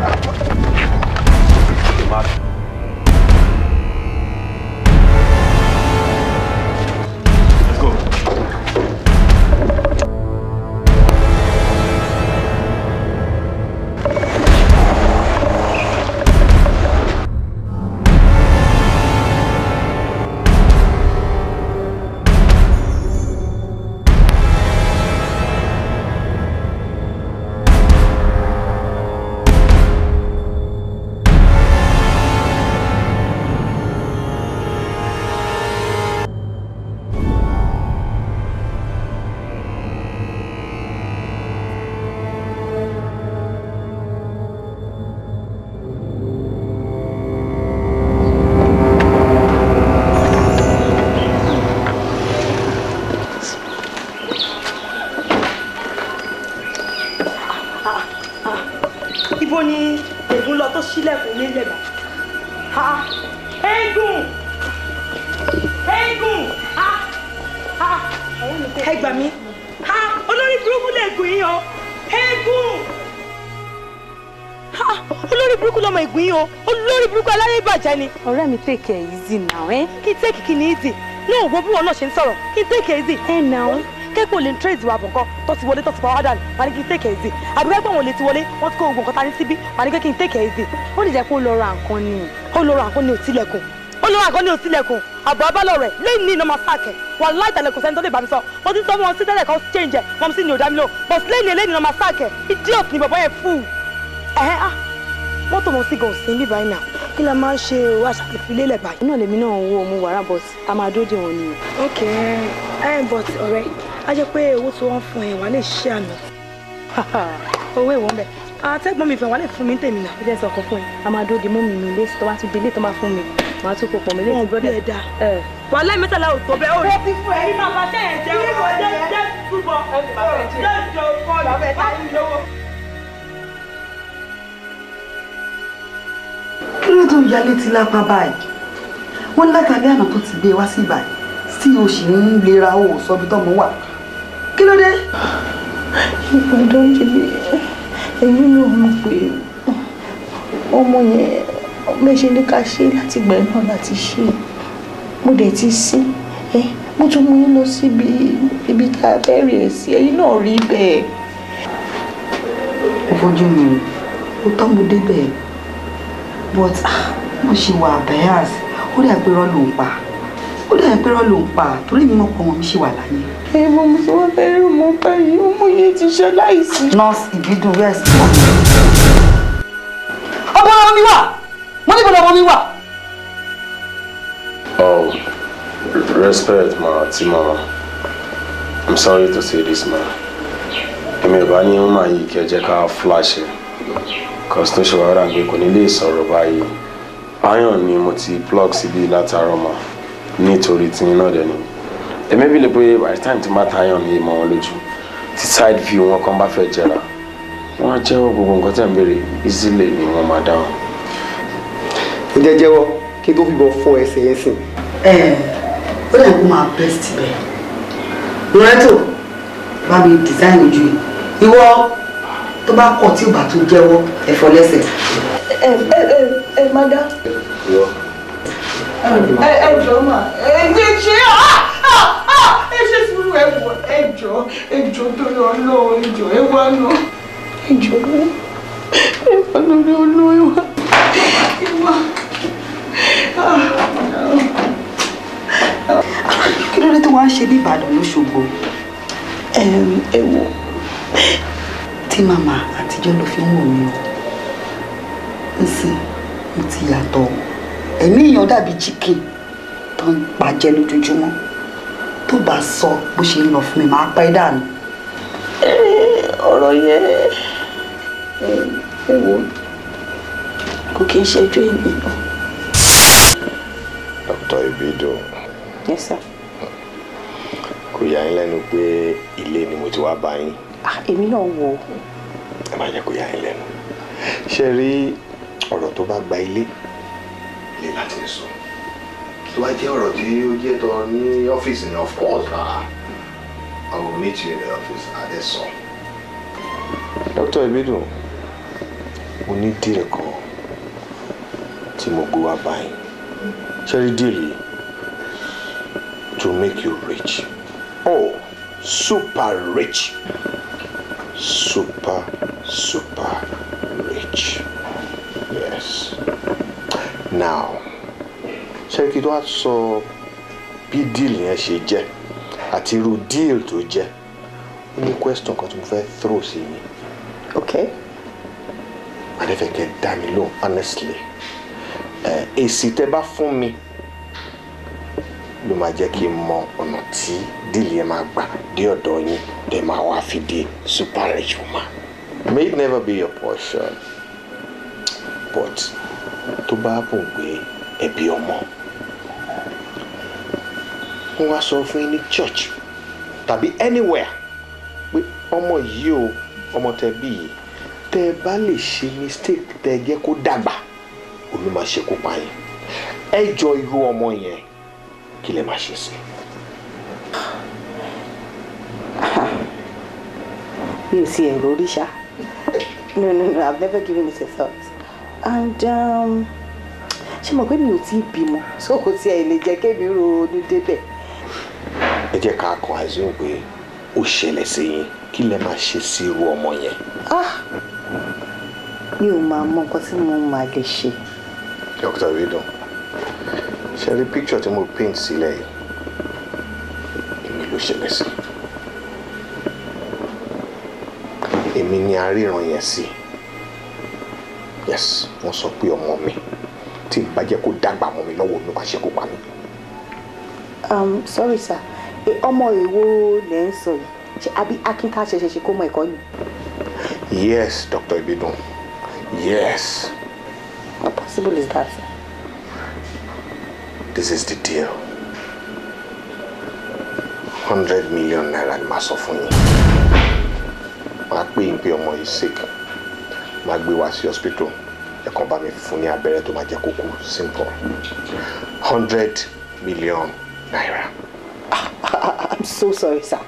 ni. ọ̀rẹ́ mi take care easy now ẹ́. Eh? kí take kí ni easy náà wo bí wọn náà ṣe ń sọ̀rọ̀ kí take care easy. ẹ nà ó. kẹ́kọ̀ọ́ lè trace wa bọ̀ǹkan tó ti wọlé tó ti pa wá dànù wà ní kí take care easy. àbí wẹ́pọ̀ wọn lè ti wọlé wọ́n ti kó oògùn kan ta ní síbí wà ní kí take care easy. ó lè jẹ́ kó lọ ra nǹkan ni ó lọ ra nǹkan ni ò tilẹ̀kùn ó lọ ra nǹkan ni ò tilẹ̀kùn àbọ̀ abálọ̀ rẹ̀ lẹ́yìn ní nọmba sáàkẹ̀ wà láì tẹ̀lé kò sẹ́ni tó lè bá mi sọ mo ti sọ wọn sí tẹ́lẹ̀ kan change ẹ̀ wọn sì ní ò dá mi lò but lẹ́yìn lẹ́yìn nọmba sáàkẹ̀ idiot ni bàbá yẹn fún un ẹ̀hẹ́n ah mọ́tò mọ́ sí gan sí bí báyìí náà kí la máa ṣe aṣàfihàn lélẹ̀ báyìí. náà lèmi náà ń wo ọmọ wàrà but a máa dóde wọn ni. ok ẹ but ọ̀rẹ́ a jẹ́ pé owó tí wọ́n fún ẹ wà lè ṣe àmì. owó ìwọ̀n bẹ̀ àtẹ́gbọ́n mi fẹ́ wà lè fún mi tèmi náà. ìdẹ́sẹ̀ ọkọ̀ fún ẹ a máa dóde mọ́ mi mi ilé tó bá tún délé tó máa fún mi màá tún kó pọ̀ mi létí gbọ́dọ̀. ọ̀gbẹ́ ẹ̀dá wà kí ló tó ya létí lápá báyìí wọ́n látàlẹ́ àná tó ti gbé wá sí ìbàdàn tí o sì ń lera o sọ ibi tọ́mọ wà kí ló dé. ìgbàdàn yìí èmi náà mọ̀ pé ọmọ yẹn méṣe ní ká ṣe láti gbà náà láti ṣe mo dẹ̀ ti sí ẹ mo tún mú yín lọ síbi ibi tá a fẹ́ rí sí ẹ̀yin náà rí bẹ́ẹ̀. ó fojú mi ó tọ́ mo débẹ̀ but ah, mo ṣe wà bias ó dà pé rọ́ ló ń pa ó dà pé rọ́ ló ń pa torí mi mọ̀ pé ọmọ mi ṣe wà láyé. ẹ mo mú sí wọn fẹẹ rí ọmọ báyìí ọmọ yẹn ti ṣe láìsí. nurse ìbídùn rest. ọmọ ọmọ mi wà mo níbo lọmọ mi wà. oh respect ma ti mama i'm sorry to say this ma èmi ò bá ní ọmọ yìí kí ẹ jẹ́ ká flash ẹ cause tó ṣe wà rà pé kò ní lè sọ̀rọ̀ báyìí iron ni mo ti plug síbi látàárọ̀ mọ́ nítorí tí iná dẹ̀ ni èmi bí lè pé by the time ti má ta iron yìí mọ́ wọn lójú tí side view wọn kan bá fẹ́ jẹra wọn á jẹ́wọ́ gbogbo nǹkan tẹ̀ ń béèrè easily ni wọ́n máa dáhùn. ǹjẹ́ jẹ́wọ́ kí n tó fìbọn fọ ẹsẹ̀ yẹn sìn. ẹ ẹ ó lè kó máa bẹ́ẹ̀ síbẹ̀ lọ́rẹ́tò bá mi design ojú ìwọ tó bá kọ̀ tí ò bá tó jẹ́wọ́ ẹ̀fọ́ lẹ́sẹ̀. ẹ ẹ ẹ ẹ madam. ẹ ẹ jọ mà ẹ ṣe ṣe ah, ah, ah, ẹ ṣe sùúrù ẹ wọ ẹ jọ ẹ jọ torí Ọlọ́run ẹ jọ ẹ wá nù ẹ jọ ẹ wá lórí Ọlọ́run ẹ wá ẹ wá. kí ló dé tó wá ń ṣe bí Ìbàdàn lóṣogbo ẹ wò tí màmá àtijọ́ ló fi ń wò mí o nsìn mo ti yàtọ̀ ẹ̀mí èèyàn dàbí chicken tó ń pàjẹ́ lójoojúmọ́ tó bá sọ bó ṣe ń lọ fún mi máa pẹ́ dànù. ọ̀rọ̀ yẹn ẹ wò kò kí n ṣẹjọ́ èmi náà. Dr. Ibido. Yes, sir. kò yà yín lẹ́nu pé ilé ni mo ti wá bá yín. Ah, èmi náà wò ó. ẹ má jẹ́ kó yà yín lẹ́nu ṣe rí ọ̀rọ̀ tó bá gba ilé lè láti sọ tó bá jẹ́ ọ̀rọ̀ tí ó jẹ́ tọ́ ní ọ́fíìsì ni of course I will meet you in the office adẹ́sọ. dókítà Ìbídùn mo ní díẹ̀ kan tí mo gbé wá báyìí ṣe rí díẹ̀ yìí to make you rich oh super rich super, super rich. Yes. Now, ṣé kí tó wá sọ bí díìl yẹn ṣe jẹ́ àti irú díìl tó jẹ́ ó ní question kan tí mo fẹ́ throw sí mi. Okay. Adéfẹ́kẹ́ dá mi lóhùn honestly. Èsì tẹ bá fún mi ló máa jẹ́ kí n mọ ọ̀nà tí díìl yẹn máa gbà dé ọ̀dọ̀ yín dem awafi di super rich woman. may it never be your portion but tó bá bùn pé ẹbí ọmọ wọn wá sọ fún yín ní church tàbí anywhere pé ọmọ yìí o ọmọ tẹ bí yìí tẹ bá lè ṣe mistake tẹ jẹ kó dàgbà olú máa ṣekú pa yín ẹ jọ irú ọmọ yẹn kí lè má ṣe sí i. You see, sí ẹ̀rọ no no no I've never given it a thought and um, she pé mi ò tí ì so kò tí ẹ lè jẹ́ kémi ronú débẹ̀. ẹ jẹ́ ká kọ àìsàn pé ó ṣẹlẹ̀ sí yín kí lẹ máa ṣe sí irú ọmọ yẹn. Ah! mi ò máa mọ nǹkan tí mo Shall lè picture to rídàn paint sílẹ̀ yìí èmi ló ṣẹlẹ̀ èmi ni aríran yẹn sí yes wọ́n sọ pé ọmọ mi tí n bá jẹ́ kó dàgbà mọ́ mi lọ́wọ́ ló máa ṣekú pa mí. um sorry sir ọmọ èwo lẹ ń sọ yìí àbí akínká ṣẹ̀ṣẹ̀ ṣe kó mọ ẹ̀kọ́ yìí. yes Dr. Ibidun yes. how possible is that sir. this is the deal hundred million naira ni màá sọ fún yín máa pè é pé ọmọ yìí sick máa gbé wá sí hospital ẹ̀kan bá mi fún ní abẹ́rẹ́ tó máa jẹ́ kókó simple hundred million naira. Ah, I'm so sorry sir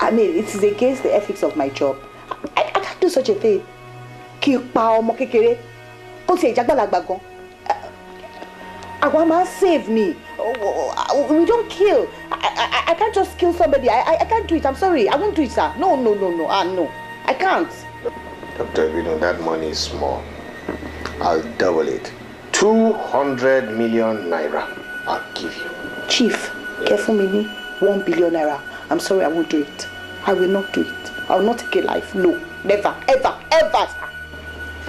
I mean it is against the ethics of my job I, I can't do such a thing kí n pa ọmọ kékeré kó tiẹ̀ jágbàlagbà gan eh, àwa máa save me we don't kill I, I, I can't just kill somebody I, I, I can't do it I'm sorry I won't do it sir no no no no ah no. I can't. Dr. Vino, that money is small. I'll double it. 200 million naira. I'll give you. Chief, careful me. 1 billion naira. I'm sorry, I won't do it. I will not do it. I will not take a life. No. Never, ever, ever, sir.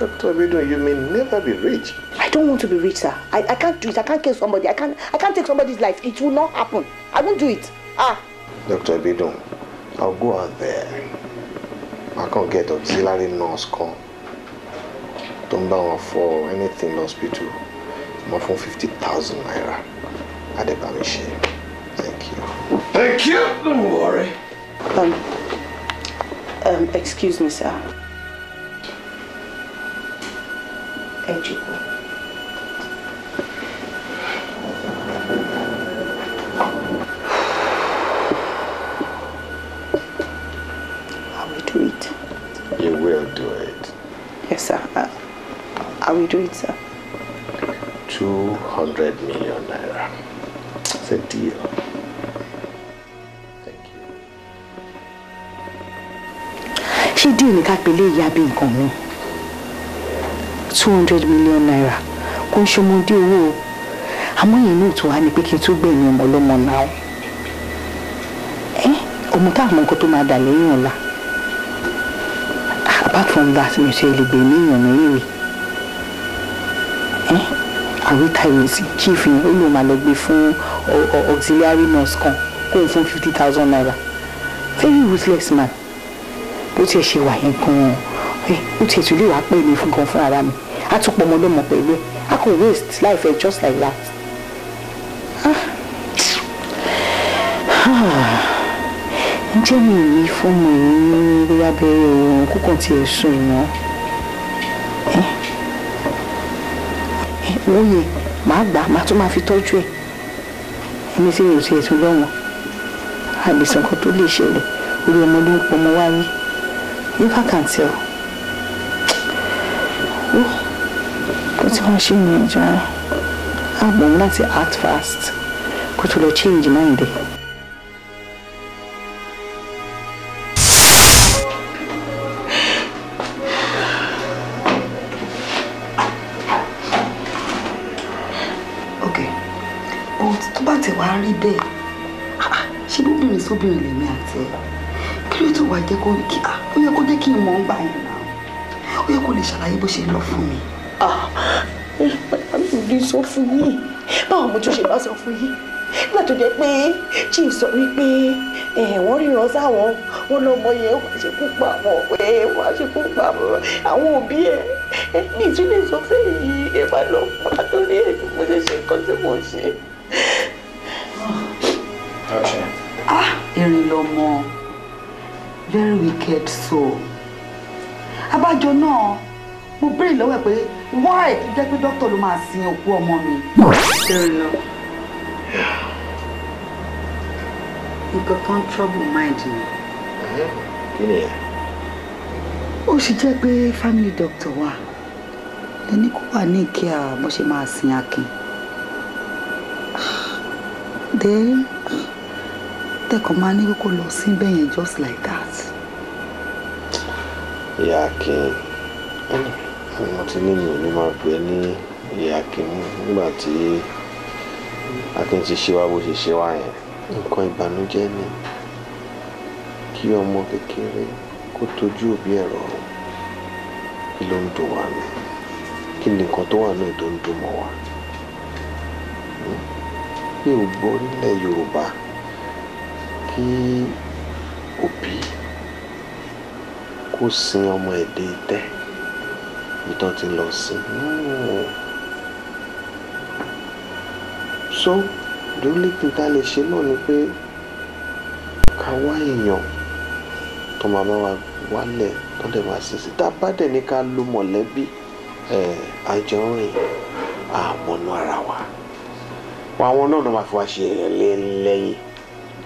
Dr. Vino, you may never be rich. I don't want to be rich, sir. I, I can't do it. I can't kill somebody. I can't, I can't take somebody's life. It will not happen. I won't do it. Ah. Dr. Bidon, I'll go out there I can't get auxiliary nurse kan Don't buy one for anything in hospital My phone fifty thousand naira adébámi ṣe thank you. thank you don't worry. Um, um, excuse me sir. ẹ I will do it, sir. 200 million naira. It's a deal. Thank you. ṣé díì ní ká pèlè ìyá bí nǹkan mi two hundred million naira kò ń ṣọmọdé owó o àmọ́ yẹn náà tó wá ní pé kí n tún gbẹ̀mí ọmọ ọlọ́mọ náà ọmọ tá àmọ́ nǹkan tó máa dà lẹ́yìn ọ̀la apart from that mi ò ṣe lè gbẹ̀mí ìyànnà yìí àwítà ìrèsì chief yẹn ó lò máa lọ gbé fún auxiliary nurse kan kóun fún fifty thousand naira very ruthless man bó tiẹ̀ ṣe wà yẹn gan-an ó tiẹ̀ tún lè wá pè mí fún gan fún ara mi á tún pọ̀ ọmọdé mọ̀ pẹ̀lú ẹ̀ á kò waste life ẹ̀ just like that. Ah. ǹjẹ́ mi ò ní fún mi ní bóyá bẹ́ẹ̀ òun kó kàn sùn ìná. owó yẹn màá gbà màá tún máa fi tọ́jú ẹ̀ ẹni tí mi ò tiẹ̀ tún lọ́wọ́ àbìsàn kan tó lè ṣẹlẹ̀ orí ọmọ ló ń pọmọ wáyé if I can tell ó kó tí wọ́n ṣe ìrìn àjò ara àgbọ̀n láti act fast kó tó lọ change mind ẹ̀. ṣàlàyé bó ṣe lọ fún mi. bàbá ah, mi ò lè sọ fún yín báwo mo tún ṣe bá sọ fún yín nígbà tó jẹ́ pé tí n sọ wípé wọ́n ríran sáwọn wọn lọ́mọ yẹn wàá ṣekú pa àwọn ọ̀pẹ wàá ṣekú pa àwọn òbí ẹ̀ ní ìtúlẹ̀ sọ pé èyí ẹ máa lọ pa torí ẹ̀ mo ṣe ṣe nǹkan tí mo ṣe. ah erin lọmọ very wicked soul abájọ náà. No mo béèrè lọ́wọ́ ẹ̀ pé why tó jẹ́ pé dókítà ló máa sin òkú ọmọ mi. nǹkan kan trouble mind mi. kí ni ẹ. ó sì jẹ́ pé family doctor wa ẹni kó wà ní ìkíà bó ṣe máa sin akin. then tẹkọọ máa ní kókó lọ síbẹ̀ yẹn just like that. ìyá akin. Yeah, okay mo ti ní mi ò ní máa pè ní ìyá kìíní nígbà tí akin ti ṣe wá bó ṣe ṣe wá yẹn nǹkan ìbànújẹ́ ni kí ọmọ kékeré kó tójú òbí ẹ̀rọ kí ló ń dùn wá mi kí ni nǹkan tó wà náà tó ń dùn mọ́ wa hmm? mi ò gbọ́ nílẹ̀ Yorùbá kí òbí kó sin ọmọ èdè tẹ́ ibi tán ti lọ sí. so the only thing tá a lè ṣe náà ni pé ká wá èèyàn tó máa bá wa wálẹ̀ tó dẹ̀ máa ṣe sí tá a bá dẹ̀ ní ká lo mọ̀lẹ́bí àjọ ń rìn àmọ́nú ara wa wọn àwọn náà ló máa fi wá ṣe ẹlẹ́yìn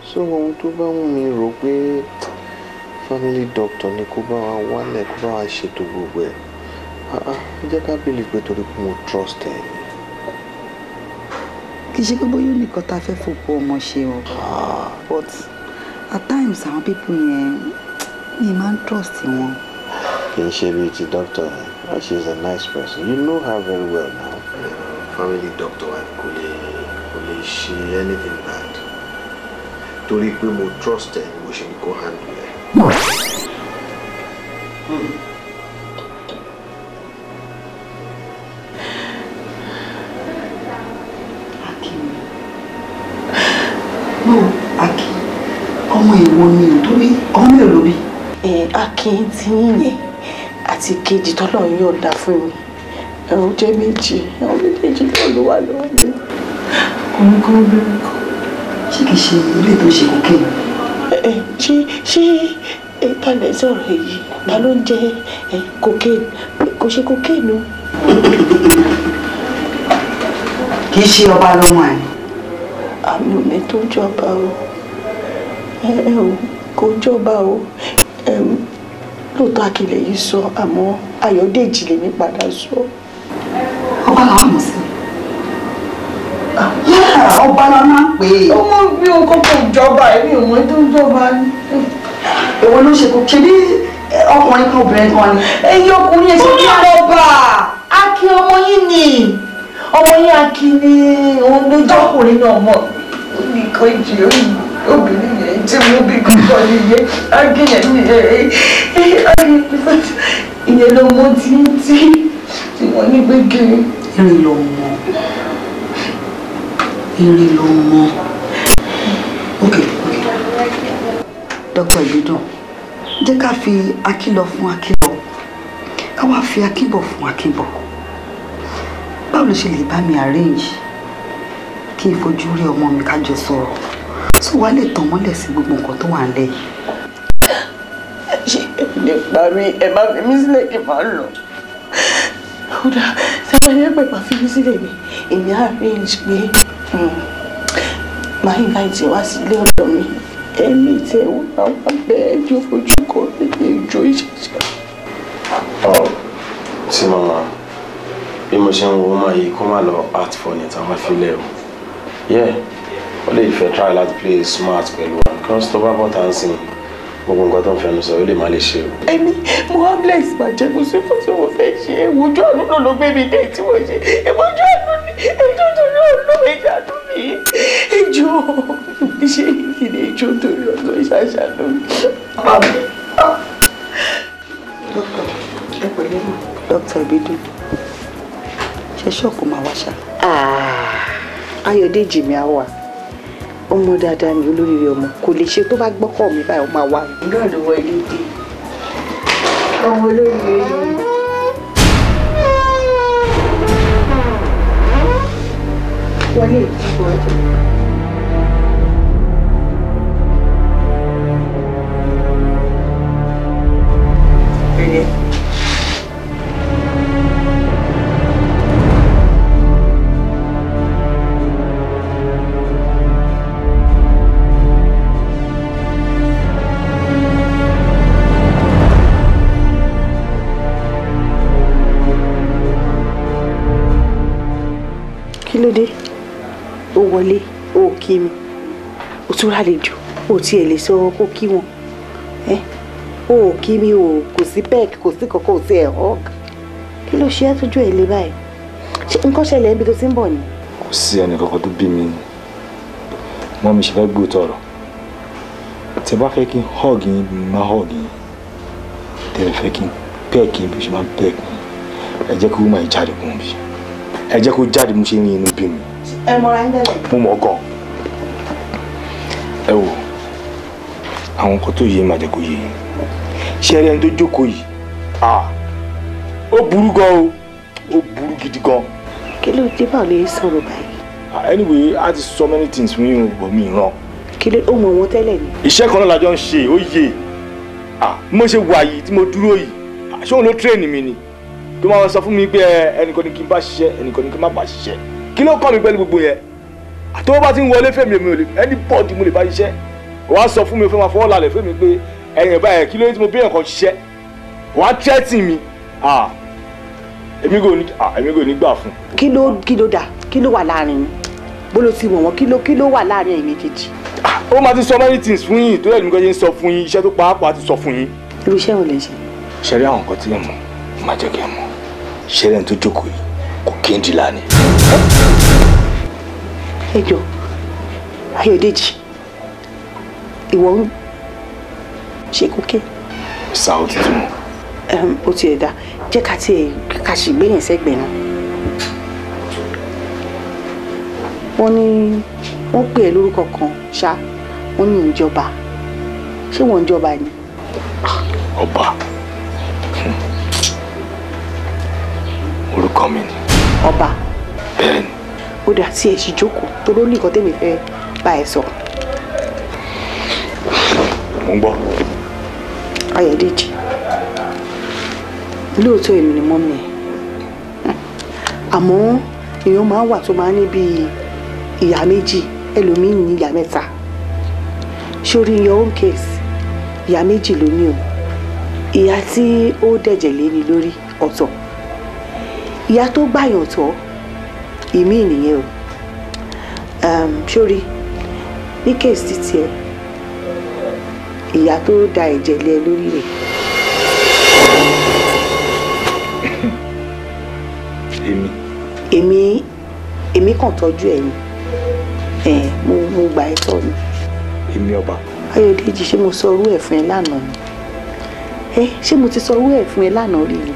so ohun tó bá wù mí rò pé family doctor ni kó bá wa wálẹ̀ kó bá wa ṣètò gbogbo ẹ̀. Ah, ah. jẹ́ ká bí lè pé torí pé mo trust ẹ ni. kì í ṣe pé bóyá nìkan tá a fẹ́ fòpó ọmọ ṣe o ah. but at times àwọn pípọ̀ yẹn mi máa ń trust wọn. kì í ṣe bíi ti dókítà yẹn she is a nice person you know her very well now. family doctor wa kò lè kò lè ṣe anything bad torí pé mo trust ẹ ni mo ṣe ń kó handle ẹ. Hmm. akin tí yẹn àti kejì tọ́lọ̀ ń yọ̀ǹda fún mi ẹ̀rù jẹ́ méjì ẹ̀rù méjèèjì náà ló wà lọ́wọ́ mi. òun kọ́ lórí kọ́ ṣé kìí ṣe ilé tó ṣe kókè mi. ẹ ṣé ṣé ìtàlẹ̀ sọ̀rọ̀ èyí ta ló ń jẹ cocaine kò ṣe cocaine o. kì í ṣe ọba lọ́mọ ẹ̀. àmì mi tó jọba o ẹ ẹ o kò jọba o lóòótọ́ àkìlẹ̀ yìí sọ àmọ́ Ayọ̀dèjì lèmi padà sọ. ọba làwọn mọ̀ sí mi. Ah, ọba la máa ń pè é. ọmọ mi ò kọ́kọ́ jọba èmi ò mọ̀ tó ń jọba ni. èwo ló ṣe kó ṣebí ọkùnrin kan obìnrin kan ni. ẹyin ọkùnrin ẹsẹ bí ọba akin ọmọ yín ni ọmọ yín akin ni òun ló jọkùnrin náà mọ nìkan jì obìnrin yẹn tí mo bí kọ́kọ́ nìyẹn ágìyàn nìyẹn ágìyàn ìyẹn ló mọ tí ń tí tí wọ́n ní pé kí ni. èrè ló fún akíbọ̀ ká wá fi akíbọ̀ fún akíbọ̀ báwo ló ṣe lè bá mi arrange kí n fojú rí ọmọ mi ká jọ sọ̀rọ̀ tí wàá lè tàn mọ́lẹ̀ sí gbogbo nǹkan tó wà nílẹ̀ yìí. ṣé èmi lè parí ẹ má fi mí sílẹ̀ kí n máa lọ. kódà sábà yẹn pẹ̀ máa fi mí sílẹ̀ mi èmi á arrange pé máa hmm, invite wá sílé ọ̀dọ̀ mi ẹ̀mí tẹ̀ wọ́n máa wá bẹ́ẹ̀ ẹjọ́ ojú kan lè jọ ìṣẹ̀ṣẹ̀. ọ̀ sí màmá bí mo ṣe ń wo ọmọ yìí kó má lọ art for nìta wá fi lẹ́ o. yeah ó lè fẹ́ try láti play smart pẹ̀lú wa because tó bá bọ̀ tá à ń sìn gbogbo nǹkan tó ń fẹnu sọ ó lè má lè ṣe o. èmi mo hamlex bàjẹ́ kò sí fún tí mo fẹ́ ṣe ìwòjú àánú náà ló gbé mi dé tí mo ṣe ìwòjú àánú ni ẹjọ́ tó ní òun náà ẹ̀ṣẹ̀ àánú mi ẹjọ́ ṣé kí ni ẹjọ́ tó ní òun náà ẹ̀ṣẹ̀ àṣà àánú mi. dókítà ẹ pẹ̀lú ṣe ṣọ́ọ̀kù máa wá ṣá. Ah. mi á wà ọmọ dáadáa ni olóríire ọmọ kò lè ṣe tó bá gbọ́kọ̀ mi báyìí ó máa wá mi. náà ló wọlé dé ọmọ olóríire kí mi o tún rálejò o tiẹ̀ lè sọ kó kí wọn o ò kí mi o kò sí pec kò sí kọ̀kọ́ ò tiẹ̀ hug kí ló ṣe é tójú ẹ̀ lé báyìí ṣé nǹkan ṣẹlẹ̀ níbi tó ti ń bọ̀ ni. kò sí ẹnì kankan tó bí mi mọ́ mi ṣe fẹ́ gbóòótọ́ ọ̀rọ̀ tí ẹ bá fẹ́ kí n hug yín máa hug yín tẹ́ ẹ fẹ́ kí n peg yín bí ṣe máa peg yín ẹ jẹ́ kí wọ́n máa jáde kún mi ẹ jẹ́ kó jáde mo ṣe ní inú bí mi. ẹ mọ̀ra ń dẹ̀lẹ̀. mo mọ̀ gan-an ẹ wò àwọn nǹkan tó yẹ màá jẹ́ kó yé yín ṣé ẹ rí ẹni tó jókòó yìí ó burú gan o ó burú gidi gan. kí ló dé báwo lè sọ̀rọ̀ báyìí. anyway a ti sọ many things fún yín bọ̀ mí ràn. kí ló ó mọ wọn tẹ́lẹ̀ ni. iṣẹ́ kan náà la jọ ń ṣe ó yè mo ṣe wà yìí tí mo dúró yìí ṣé òun ló tírèènì mi ni tó máa sọ fún mi pé ẹnìkan ni kí n bá ṣiṣẹ́ ẹnìkan ni kí n má bá ṣiṣẹ́ kí ló kọ́ mi pẹ̀lú gbogbo yẹn tó bá ti ń wọlé fèmí mi ò lè ẹni bọ́ọ̀dì mo lè bá iṣẹ́ wàá sọ fún mi fún ma fọwọ́ lálẹ́ fèmí pé ẹ̀yìn báyìí kí ló ń tí mo bí ẹ̀kan ṣiṣẹ́ wàá tẹ́tì mi èmi kò ní gbà fún. kí ló kí ló dà kí ló wà láàrin yín bóló ti wọ̀n wọ́n kí ló kí ló wà láàrin ẹ̀yin méjèèjì. ó máa ti sọ many things fún yín tó lẹ́nu gẹ́gẹ́ ń sọ fún yín iṣẹ́ tó pàápàá ti sọ fún yín. irú iṣẹ́ wo lè ṣe. ṣeré àwọn nǹkan tí ẹ mọ̀ máa jẹ́ kí ẹ mọ̀ ṣeré ẹni tó jókòó yìí kò kéńdìlá ni ẹ jọ Ayọ̀dèjì ìwọ ń ṣe kókè. sa o ti tún. ó ti ẹ̀ dá jẹ́ ká tiẹ̀ ká sì gbé yẹn sẹ́gbẹ̀ẹ́ náà. wọ́n ní wọ́n pè é lórúkọ kan ṣá wọ́n ní ìjọba ṣé wọ́n ń jọba ni. ọba hm. orúkọ mi ni. ọba. bẹ́ẹ̀ ni ó dà tí ẹ ṣì jókòó torí ó ní nǹkan tèmi fẹ́ bá ẹ sọ. mo ń gbọ́. Ayọ̀dèjì lóòótọ́ èmi ni mọ́mí ẹ̀ àmọ́ èèyàn máa ń wà tó máa ń ní bíi ìyá méjì ẹlòmíín ní ìyá mẹ́ta sórí your own case ìyá méjì ló ní o ìyá tí ó dẹ̀jẹ̀ lé ní lórí ọ̀tọ̀ ìyá tó gbàyàn tọ́ ìmí nìyẹn o sórí ní kéèsì tiẹ̀ ìyá tó da ẹ̀jẹ̀ lé ẹ lórí rẹ̀. èmi. èmi èmi kàn tọ́jú ẹ̀ mo mo gbà ẹ́ tọ́ ni. èmi ọba. ayọ̀dèjì ṣé mo sọ orú ẹ̀ fún ẹ lánàá ni ẹ ṣé mo ti sọ orú ẹ̀ fún ẹ lánàá rí ni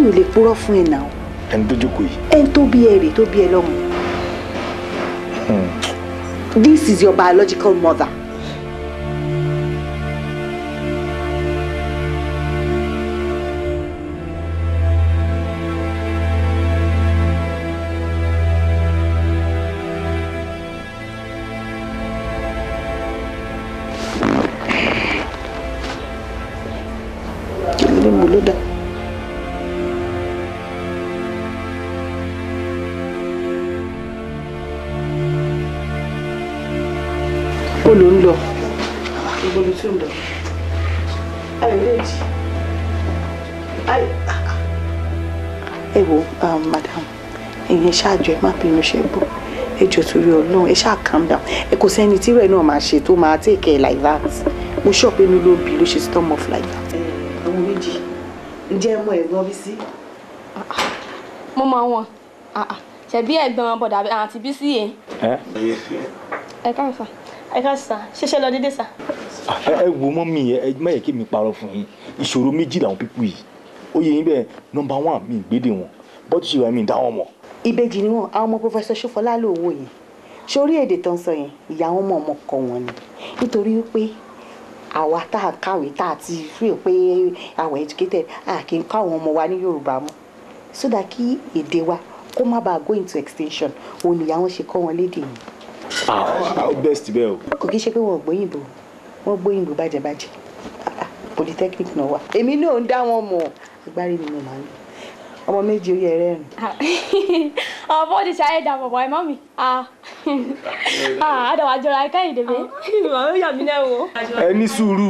mi ò lè purọ́ fún ẹ náà ẹni tó jókòó yìí. ẹni tó bí ẹ rè tó bí ẹ lọ́mọ. Hmm. this is your biological mother. ó ló ń lọ gbogbo ibi tó ń lọ àìrèjì àì. ẹ wo um, madam ẹ̀yin ṣáàjọ ẹ má bínú ṣe bọ̀ ẹ jọ torí Ọlọ́run ẹ ṣáà calm down ẹ kò sẹ́ni tírẹ náà máa ṣe tó máa take care like that mo ṣọ pé inú ló bí ló ṣe storm off like that. àwọn méjì ǹjẹ́ ẹ mọ ẹ̀gbọ́n Bísí. mo mọ wọn ṣebí ẹ̀gbọ́n bọ̀dà àti Bísí yẹn. ẹ ẹ káàsán ẹ ká sà ṣẹṣẹ lọ dédé sa. ẹ wo mọ́mì ẹ má yẹ kí mi parọ́ fún yín ìṣòro méjì làwọn pípù yìí ó yẹ yín bẹ́ẹ̀ nọmba one mi ìgbéde wọn bọ́tù ṣe wà mí dá wọn mọ̀. ìbejì ni wọn àwọn ọmọ pọfẹsọ ṣọfọlá ló wò yẹn sórí èdè tó ń sọ yẹn ìyá wọn ọmọ kọ wọn ni nítorí pé àwa tá a kàwé tá a ti rí pé àwa educated a kì í kọ́ àwọn ọmọ wa ní Yorùbá mọ́ sódà kí èdè wa kó má bàa go into extension, òun ìyá wọn ṣe kọ́ wọn lédè yìí. Ah. ah best bẹ́ẹ̀ o. kò kí ṣe pé wọ́n gbóyìnbó wọ́n gbóyìnbó bàjẹ́bàjẹ́ ah, polytechnic náà wà èmi náà ń dá wọn mọ̀ agbárí mi mo máa ń lò ọmọ méje oyè rẹ rìn. Ah, ọmọ bọ́ọ̀dì ṣayé dà bọ̀bọ̀ ẹ̀ mọ́ mi. àdàwà jọra de káyìndé mi. ìwà ó yà mí lẹ́wọ̀. ẹ ní sùúrù.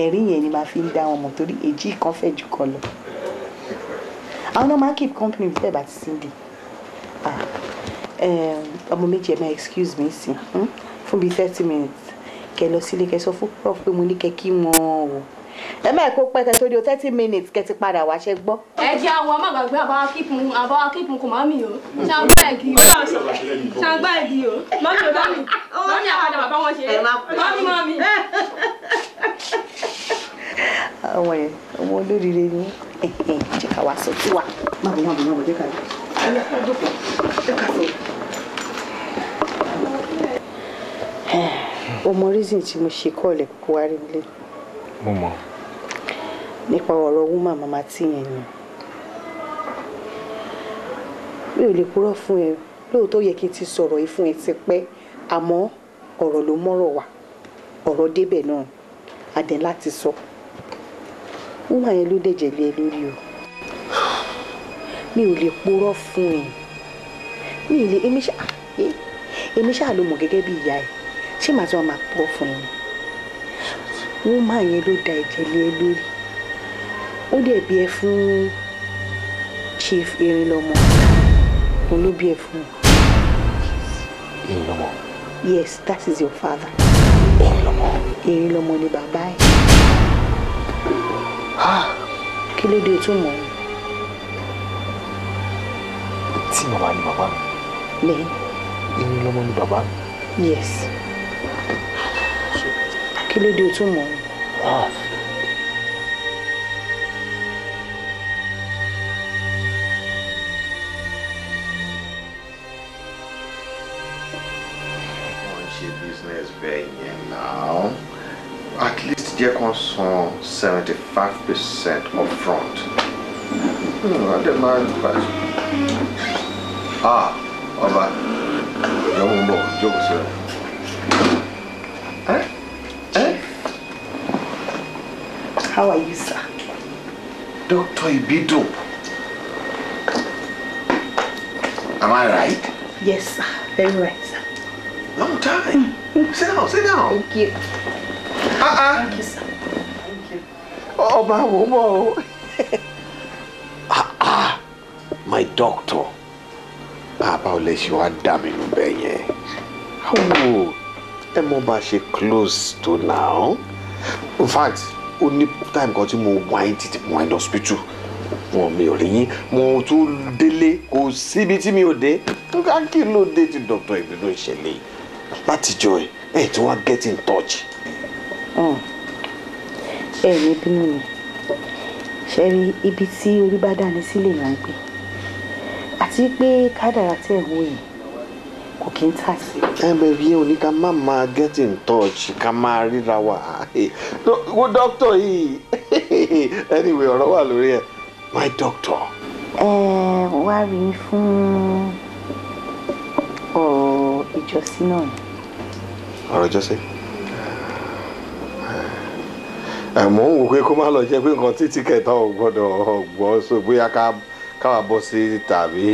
ẹ̀rín yẹn ni màá fi ń da wọn mọ̀ torí èjì kan fẹ́ jù kan lọ. àwọn náà máa ń keep company before ìbàtí síndì. Um, ọmọ méjì ẹ̀ máa excuse me sí hmm? fún bíi thirty minutes kẹ́ lọ sílé kẹ́ sọ fún prof pé mo ní kẹ́ kí wọ́n o ẹ má kó pẹ́ kẹ́tọ́ di o thirty minutes kẹ́ ti padà wá ṣe gbọ́. ẹ jẹ́ àwọn ọmọ àgbàgbé àbáwá kíkun àbáwá kíkun kò mọ́mì o ṣàǹgbá ẹ̀gì o ṣàǹgbá ẹ̀gì o mọ́mì o mọ́mì mọ́mì àpàdà bàbá wọn ṣe mọ́mì mọ́mì. ọmọ yẹn ọmọ olóríire ni jẹ́ ká wá sọ tí wà. má bọ̀ má bọ̀ má bọ̀ jẹ́ ká lọ. jẹ́ ká sọ. ọmọ reason tí mo ṣe kọ́ ọ̀lẹ̀ kó wá rí mi lẹ́nu mo mọ̀. nípa ọ̀rọ̀ wúmà màmá tí yẹn ni mi ò lè purọ́ fún ẹ lóòótọ́ yẹ kí n ti sọ̀rọ̀ yìí fún ẹ ti pẹ́ àmọ́ ọ̀rọ̀ ló mọ́rọ̀ wá ọ̀rọ̀ débẹ̀ náà adẹ̀ láti sọ wúmà yẹn ló dẹ̀jẹ̀ lé ẹ lórí o mi ò lè purọ́ fún ẹ mi ì lè èmi ṣáà ló mọ̀ gẹ́gẹ́ bí ìyá ẹ ṣé màá tí wọ́n máa purọ́ fún ẹ wọ́n máa yẹn ló da ìjẹ̀lẹ̀ ẹ e lórí ó dẹ̀ bí ẹ fún chief Erinlọmọ òun ló bí ẹ fún un. Erinlọmọ. yes that is your father. Erinlọmọ. Erinlọmọ ni bàbá ẹ. kí ló dé tó mọ̀ ọ́. tí màmá ni bàbá mi. bẹ́ẹ̀. Erinlọmọ ni bàbá mi. yes kí lédè o tún mọ̀ ọ́. at least jẹ́ kàn san seventy five percent upfront. Hmm, ah ọba ìyàwó ń bọ̀ jókòó sí ẹ. How are you, sir? Dr. Ibido, Am I right? Yes, sir. Very right, sir. Long time. sit down, sit down. Thank you. Uh-uh. Thank you, sir. Thank you. Oh, my woman. Ah, ah, my doctor. Ah, báwo lẹ ṣe wá dá mi nù bẹ́ẹ̀ Oh, ẹ mọ̀ she close to now. In fact, ó ní time kan tí mo wind títí mo wind hospital wọn mi ò rí yín mo tún délé kò síbi tí mi ò dé nǹkan kí ló dé tí dr ìbínú ìṣẹ̀lẹ̀ látijọ́ ẹ̀ ẹ̀ tí wọ́n get in touch. Hmm. ẹ ní bínú mi ṣe rí ibi tí orí bá dání sílẹ̀ là ń gbé àti pé kádàrá tẹ̀ ń wò yìí kò kí ń tà sí. ẹ bẹ̀rẹ̀ yẹn ò má máa get in touch ká máa ríra wa wo doctor. yìí anyway ọ̀rọ̀ wà lórí ẹ̀ my doctor. ẹ wá rí i fún ọ̀rọ̀ ìjọsìn náà. ọ̀rọ̀ ìjọsìn mò ń wò pé kó má lọ jẹ́ pé nǹkan títí kẹta ò gbọ́dọ̀ gbọ́ so bóyá ká káwa bọ́ sí tàbí.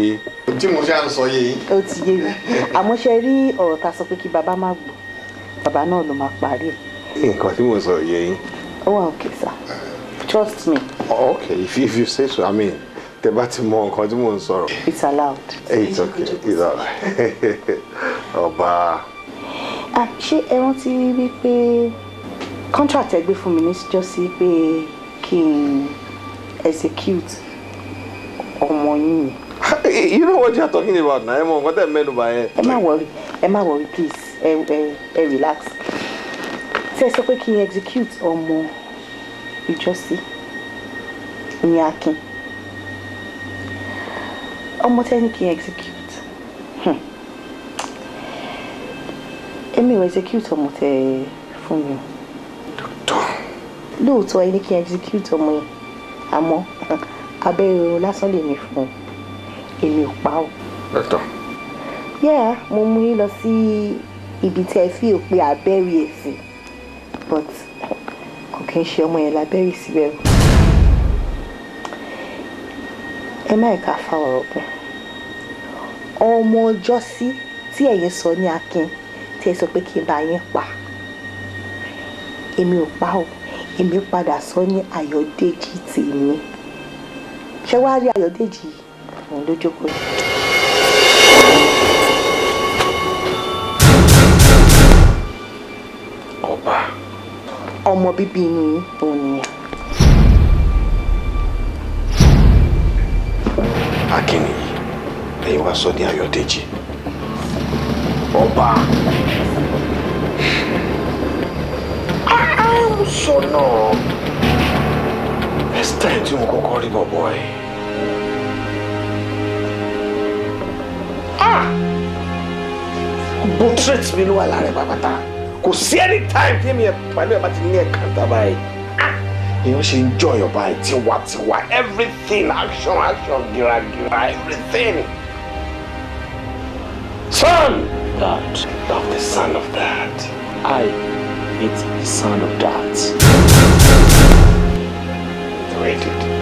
tí mo ṣe à ń sọ yìí. ó ti yé mi àmọ́ ṣe rí ọ̀rọ̀ tá a sọ pé kí bàbá má gbọ́ bàbá náà ló máa parí ẹ̀ nǹkan tí mo sọ yé yín. ó wà òkè sá trust me. Oh, okay if you, if you say so i mean tẹ bá ti mọ nǹkan tí mò ń sọ̀rọ̀. it's allowed. it's okay it's alright ọba. Ah, ṣé ẹ rántí wípé contract ẹ gbé fún mi níjọ́ sí pé kí n execute ọmọ yín you know what you are talking about na ẹ mọ nǹkan tẹ mẹ́nu bà yẹn. ẹ má wọrí ẹ má wọrí please ẹ ẹ ẹ relax tẹ́ sọ pé kí n execute ọmọ ìjọsí ìyẹn akin ọmọ tẹ́ ní kí n execute hmm. èmi ò execute ọmọ tẹ́ fún mi lóòótọ́ ẹni kí n execute ọmọ yẹn àmọ́ abẹ́rẹ́ lásán lèmi fún èmi ò pa ọ́. lọ́tọ̀. yẹ́ẹ̀ mo mú yín lọ sí ibi tí ẹ fi òpin abẹ́rẹ́ ẹ̀ sí but kò kí n ṣe ọmọ yẹn lábẹ́rì síbẹ̀ o ẹ má ẹ̀ka fa ọ̀rọ̀ kún ọmọ ọjọ́ sí tí ẹ̀yin sọ ní akin tí ẹ sọ pé kí n bá yín pa èmi ò pa o èmi padà sọ ní ayọ̀dèjì tèmi ṣé wàá rí ayọ̀dèjì òun ló ọmọ bíbí inú yín òun nìyẹn. akínní lẹ́yìn wá sọ ní ayọ̀dèjì ọba sọ náà first time tí mo kọ́kọ́ rí bọ̀bọ̀ ẹ̀. Ah! bó tírẹ̀tì mi ló wà lára ẹ̀ kò sí any time tí èmi pàlú ẹ̀ bá ti ní ẹ̀ka ń tàbá ẹ̀ èèyàn ṣe ń jọ ìyọba ẹ̀ tiwantiwa everything action action giragira everything son that of the son of that I hate the son of that. Rated.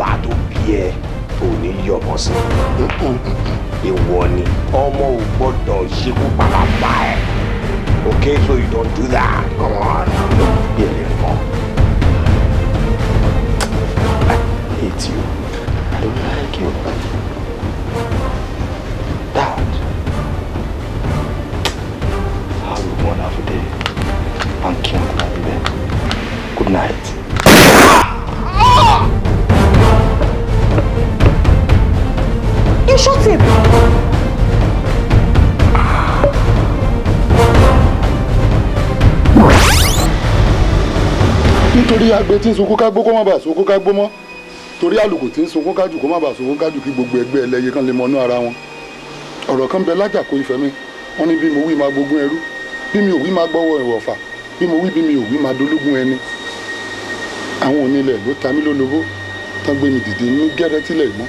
bàbá bí ẹ ò ní yọmọ sí ìwọ ni ọmọ ò gbọ́dọ̀ ṣekú pa ẹ okay so you don't do that come on bí ẹ lè fọ. hate you. I don't like you. Dad. Have a wonderful day. Thank you. Good night. shot him. nítorí agbe tí ń sunkún ká gbó kó má bàa sunkún ká gbó mọ́ torí àlùkò tí ń sunkún ká jù kó má bàa sunkún ká jù kí gbogbo ẹgbẹ́ ẹlẹ́yẹ kan lè mọ inú ara wọn ọ̀rọ̀ kan bẹ lájàkó ìfẹ́ mi wọ́n ní bí mo wí máa gbógun ẹrú bí mi ò wí máa gbọ́wọ́ ìwọ̀fà bí mo wí bí mi ò wí máa dológun ẹni àwọn onílẹ̀ ló ta mí lólobó tán gbé mi dìde ní gẹ́rẹ́ tílẹ̀ mọ́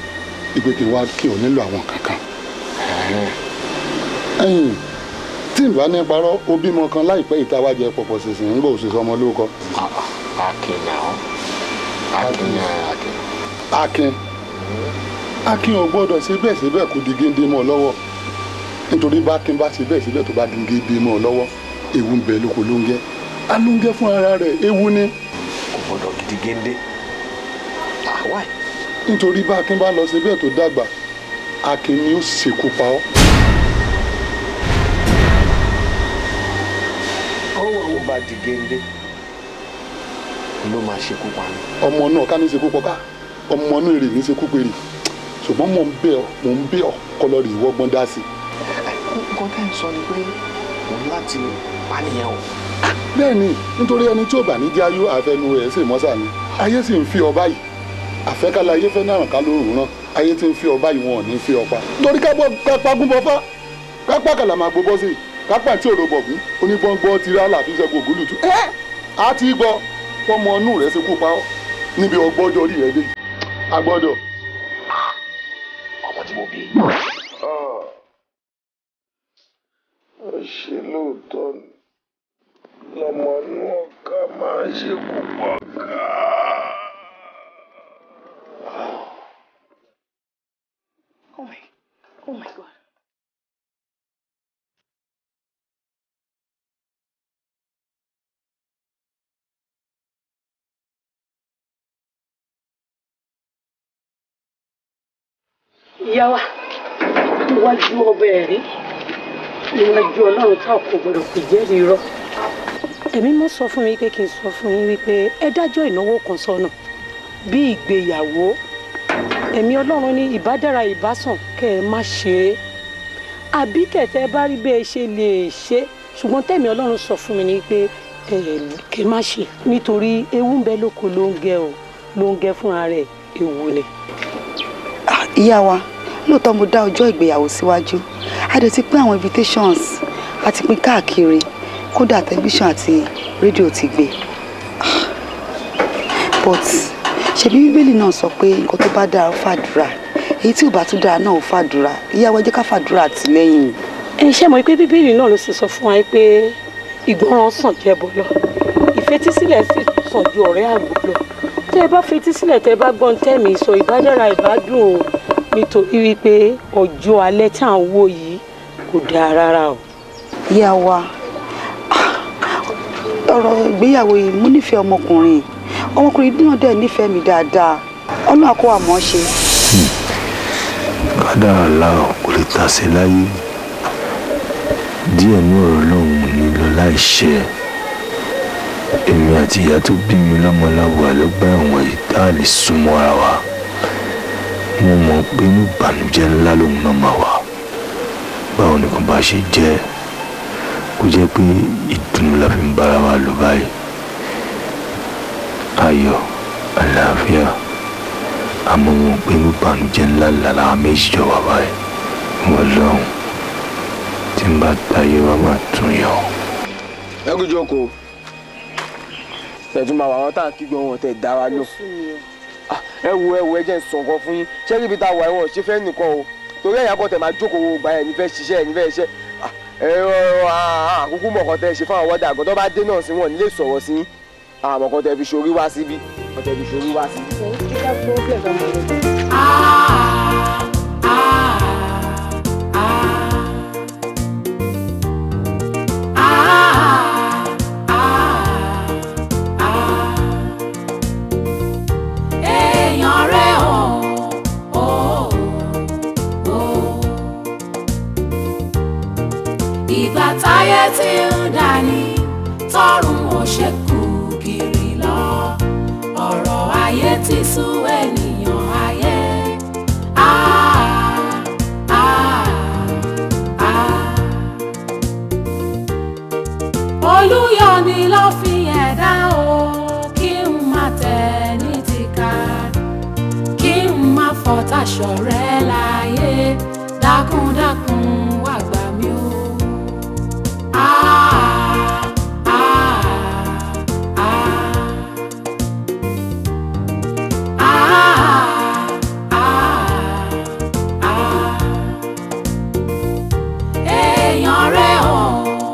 ìpè kí n wá kí o nílò àwọn kankan. ẹyìn tí ìbá ní parọ́ o bímọ kan láìpẹ́ ìta wá jẹ pọ̀pọ̀ sísìn nígbà òṣìṣẹ́ ọmọ lórúkọ. Ah, akin náà akin náà akin. akin akin ò gbọ́dọ̀ ṣe bẹ́ẹ̀ ṣe bẹ́ẹ̀ kó di géńdé mọ́ ọ lọ́wọ́ nítorí bá akin bá ṣe bẹ́ẹ̀ ṣe bẹ́ẹ̀ tó bá di géńdé mọ́ ọ lọ́wọ́ ewu ń bẹ lóko ló ń gẹ́ alóńgẹ́ fún ara rẹ̀ ewu ni. kò gbọ́dọ̀ gidi géńdé àwa ah, yìí nítorí bá akin bá lọ sí bẹ́ẹ̀ tó dàgbà akin ni ó ṣèkú pa ọ́. ọwọ́ àwọn bá di géńdé ló máa ṣekú pa mí. ọmọ náà ká ní ṣekú pọ́ká ọmọ náà èrè ní ṣekú péré ṣùgbọ́n mò ń bẹ̀ ọ́ mò ń bẹ̀ ọ́ kọlọ rè wọ́gbọ́n dá sí. nǹkan tá à ń sọ ni pé mo ní láti pa o. bẹ́ẹ̀ ni nítorí ẹni tí ò bá ní jẹ́ àfẹnu ẹ̀ ṣèmọ́sà ni ayé sì ń fi ọ báyìí àfẹ́kálá ayé fẹ́ náà ká lóòrùn náà ayé tí ń fi ọba ìwọ̀n ní fi ọpa. torí kápá kápá gún bọ́fá kápá kàlàmà gbó bọ́ sí i kápá tí òrò bọ̀gún oníbọ̀ngbọ́ ti rálà fi ṣẹ́gun ògúlùtù. ẹ á ti gbọ́ fọmọ inú rẹ̀ ṣekú pa ọ́ níbi ọgbọ́dọ̀ orí rẹ̀ dé agbọ́dọ̀. ọmọ tí mo bí. Ah! ó ṣe lóòótọ́ lọmọ inú ọ̀ka máa ṣekú pọ̀ ká. Oh my, oh my God. ìyá wa níwájú ọbẹ̀ rí níwájú ọlọ́run tá kò gbọdọ̀ pè jẹ́rìí irọ́. ẹ̀mí mọ́ sọ fún mi pé kí n sọ fún yín wípé ẹ dájọ́ ìnáwó kan sọnù bí ìgbéyàwó ẹ̀mí ọlọ́run ní ìbádára ìbásàn kẹ́ ẹ má ṣe é àbí kẹ̀tẹ́ bá rí bẹ́ẹ̀ ṣe lè ṣe ṣùgbọ́n tẹ̀mí ọlọ́run sọ fún mi ni pé ẹ kẹ́ má ṣe nítorí ewu ń bẹ lóko ló ń gẹ o ló ń gẹ fúnra rẹ̀ ewu ni. ìyá wa lóòótọ́ mo dá ọjọ́ ìgbéyàwó síwájú a dẹ̀ ti pín àwọn invitations a ti pín káàkiri kódà tẹlifíṣàn àti rédíò ti gbé ah, but ṣebí bíbélì náà sọ pé nǹkan tó bá dáa ó fàdúrà èyí tí ò bá tún dáa náà ó fàdúrà ìyá wa jẹ́ ká fàdúrà àtìlẹ́yìn. ẹ ṣe mọ̀ pé bíbélì náà ló sì sọ fún wa pé ìgbọràn sàn jẹ́ bọ́lọ́ ìfetísílẹ̀ sì sàn ju ọ̀rẹ́ àgbò lọ tẹ́ ẹ bá fetísílẹ̀ tẹ́ ẹ bá gbọ́n tẹ́mi sọ ìbádára ìbádùn o nítorí wípé ọjọ́ alẹ́ tí à ń wò yìí kò dáa rárá o. ìyá wa ah, ọ̀rọ̀ ìgbéyàwó yìí mú nífẹ̀ẹ́ ọmọkùnrin yìí ọmọkùnrin náà dẹ̀ nífẹ̀ẹ́ mi dáadáa ọlọ́run kó wà mọ́ ṣe. Hmm. kádàrá la kò lè tàsé láyé díẹ̀ ní ọ̀rọ̀ lọ́hùn ní lọ láì ṣe èmi àti ìyá tó bí mi lọ́mọláwà ló gbá ẹ̀wọ̀n yìí tá a lè súnmọ́ ara wa mo mọ̀ pé inú ìbànújẹ́ ńlá lòun náà máa wà báwo ni kò bá ṣe jẹ́ kó jẹ́ pé ìdùnnú la fi ń bára wa lò báyìí ayọ̀ àlàáfíà àmọ́ wọn pé bíbànújẹ́ ńlá lára méjì jọ wà báyìí wọ́n lọ́hùn tí n bá tayé wá máa tún yọ. ẹ kú jókòó tẹ̀tún máa wà wọ́n tá à ń kígbe wọn tẹ̀ dá wa lò ah, ẹ wo ẹ wo ẹ jẹ́ ń sọ nǹkan fún yín ṣé níbi tá a wà ẹ̀wọ̀n ṣe fẹ́ nìkan o torí ẹ̀yà bọ̀ tẹ̀ máa jókòó gba ẹ̀ nífẹ̀ẹ́ ṣiṣẹ́ ẹ̀ nífẹ̀ẹ́ iṣẹ́ ah, ẹ̀rọ ah, àkókò mọ̀kàn tẹ̀ ṣe fáwọn wọ́dà àgọ́dọ́ bá dé náà sí wọn nílé sọ̀rọ̀ sí yín àwọn kan tẹ fi ṣorí wá síbí kan tẹ fi ṣorí wá síbí. èèyàn rẹ̀ hàn. ìgbà táyé ti ń dà ní tọrùn ò ṣe fọ̀tàṣọ̀rẹ́ láyé dákúndákún.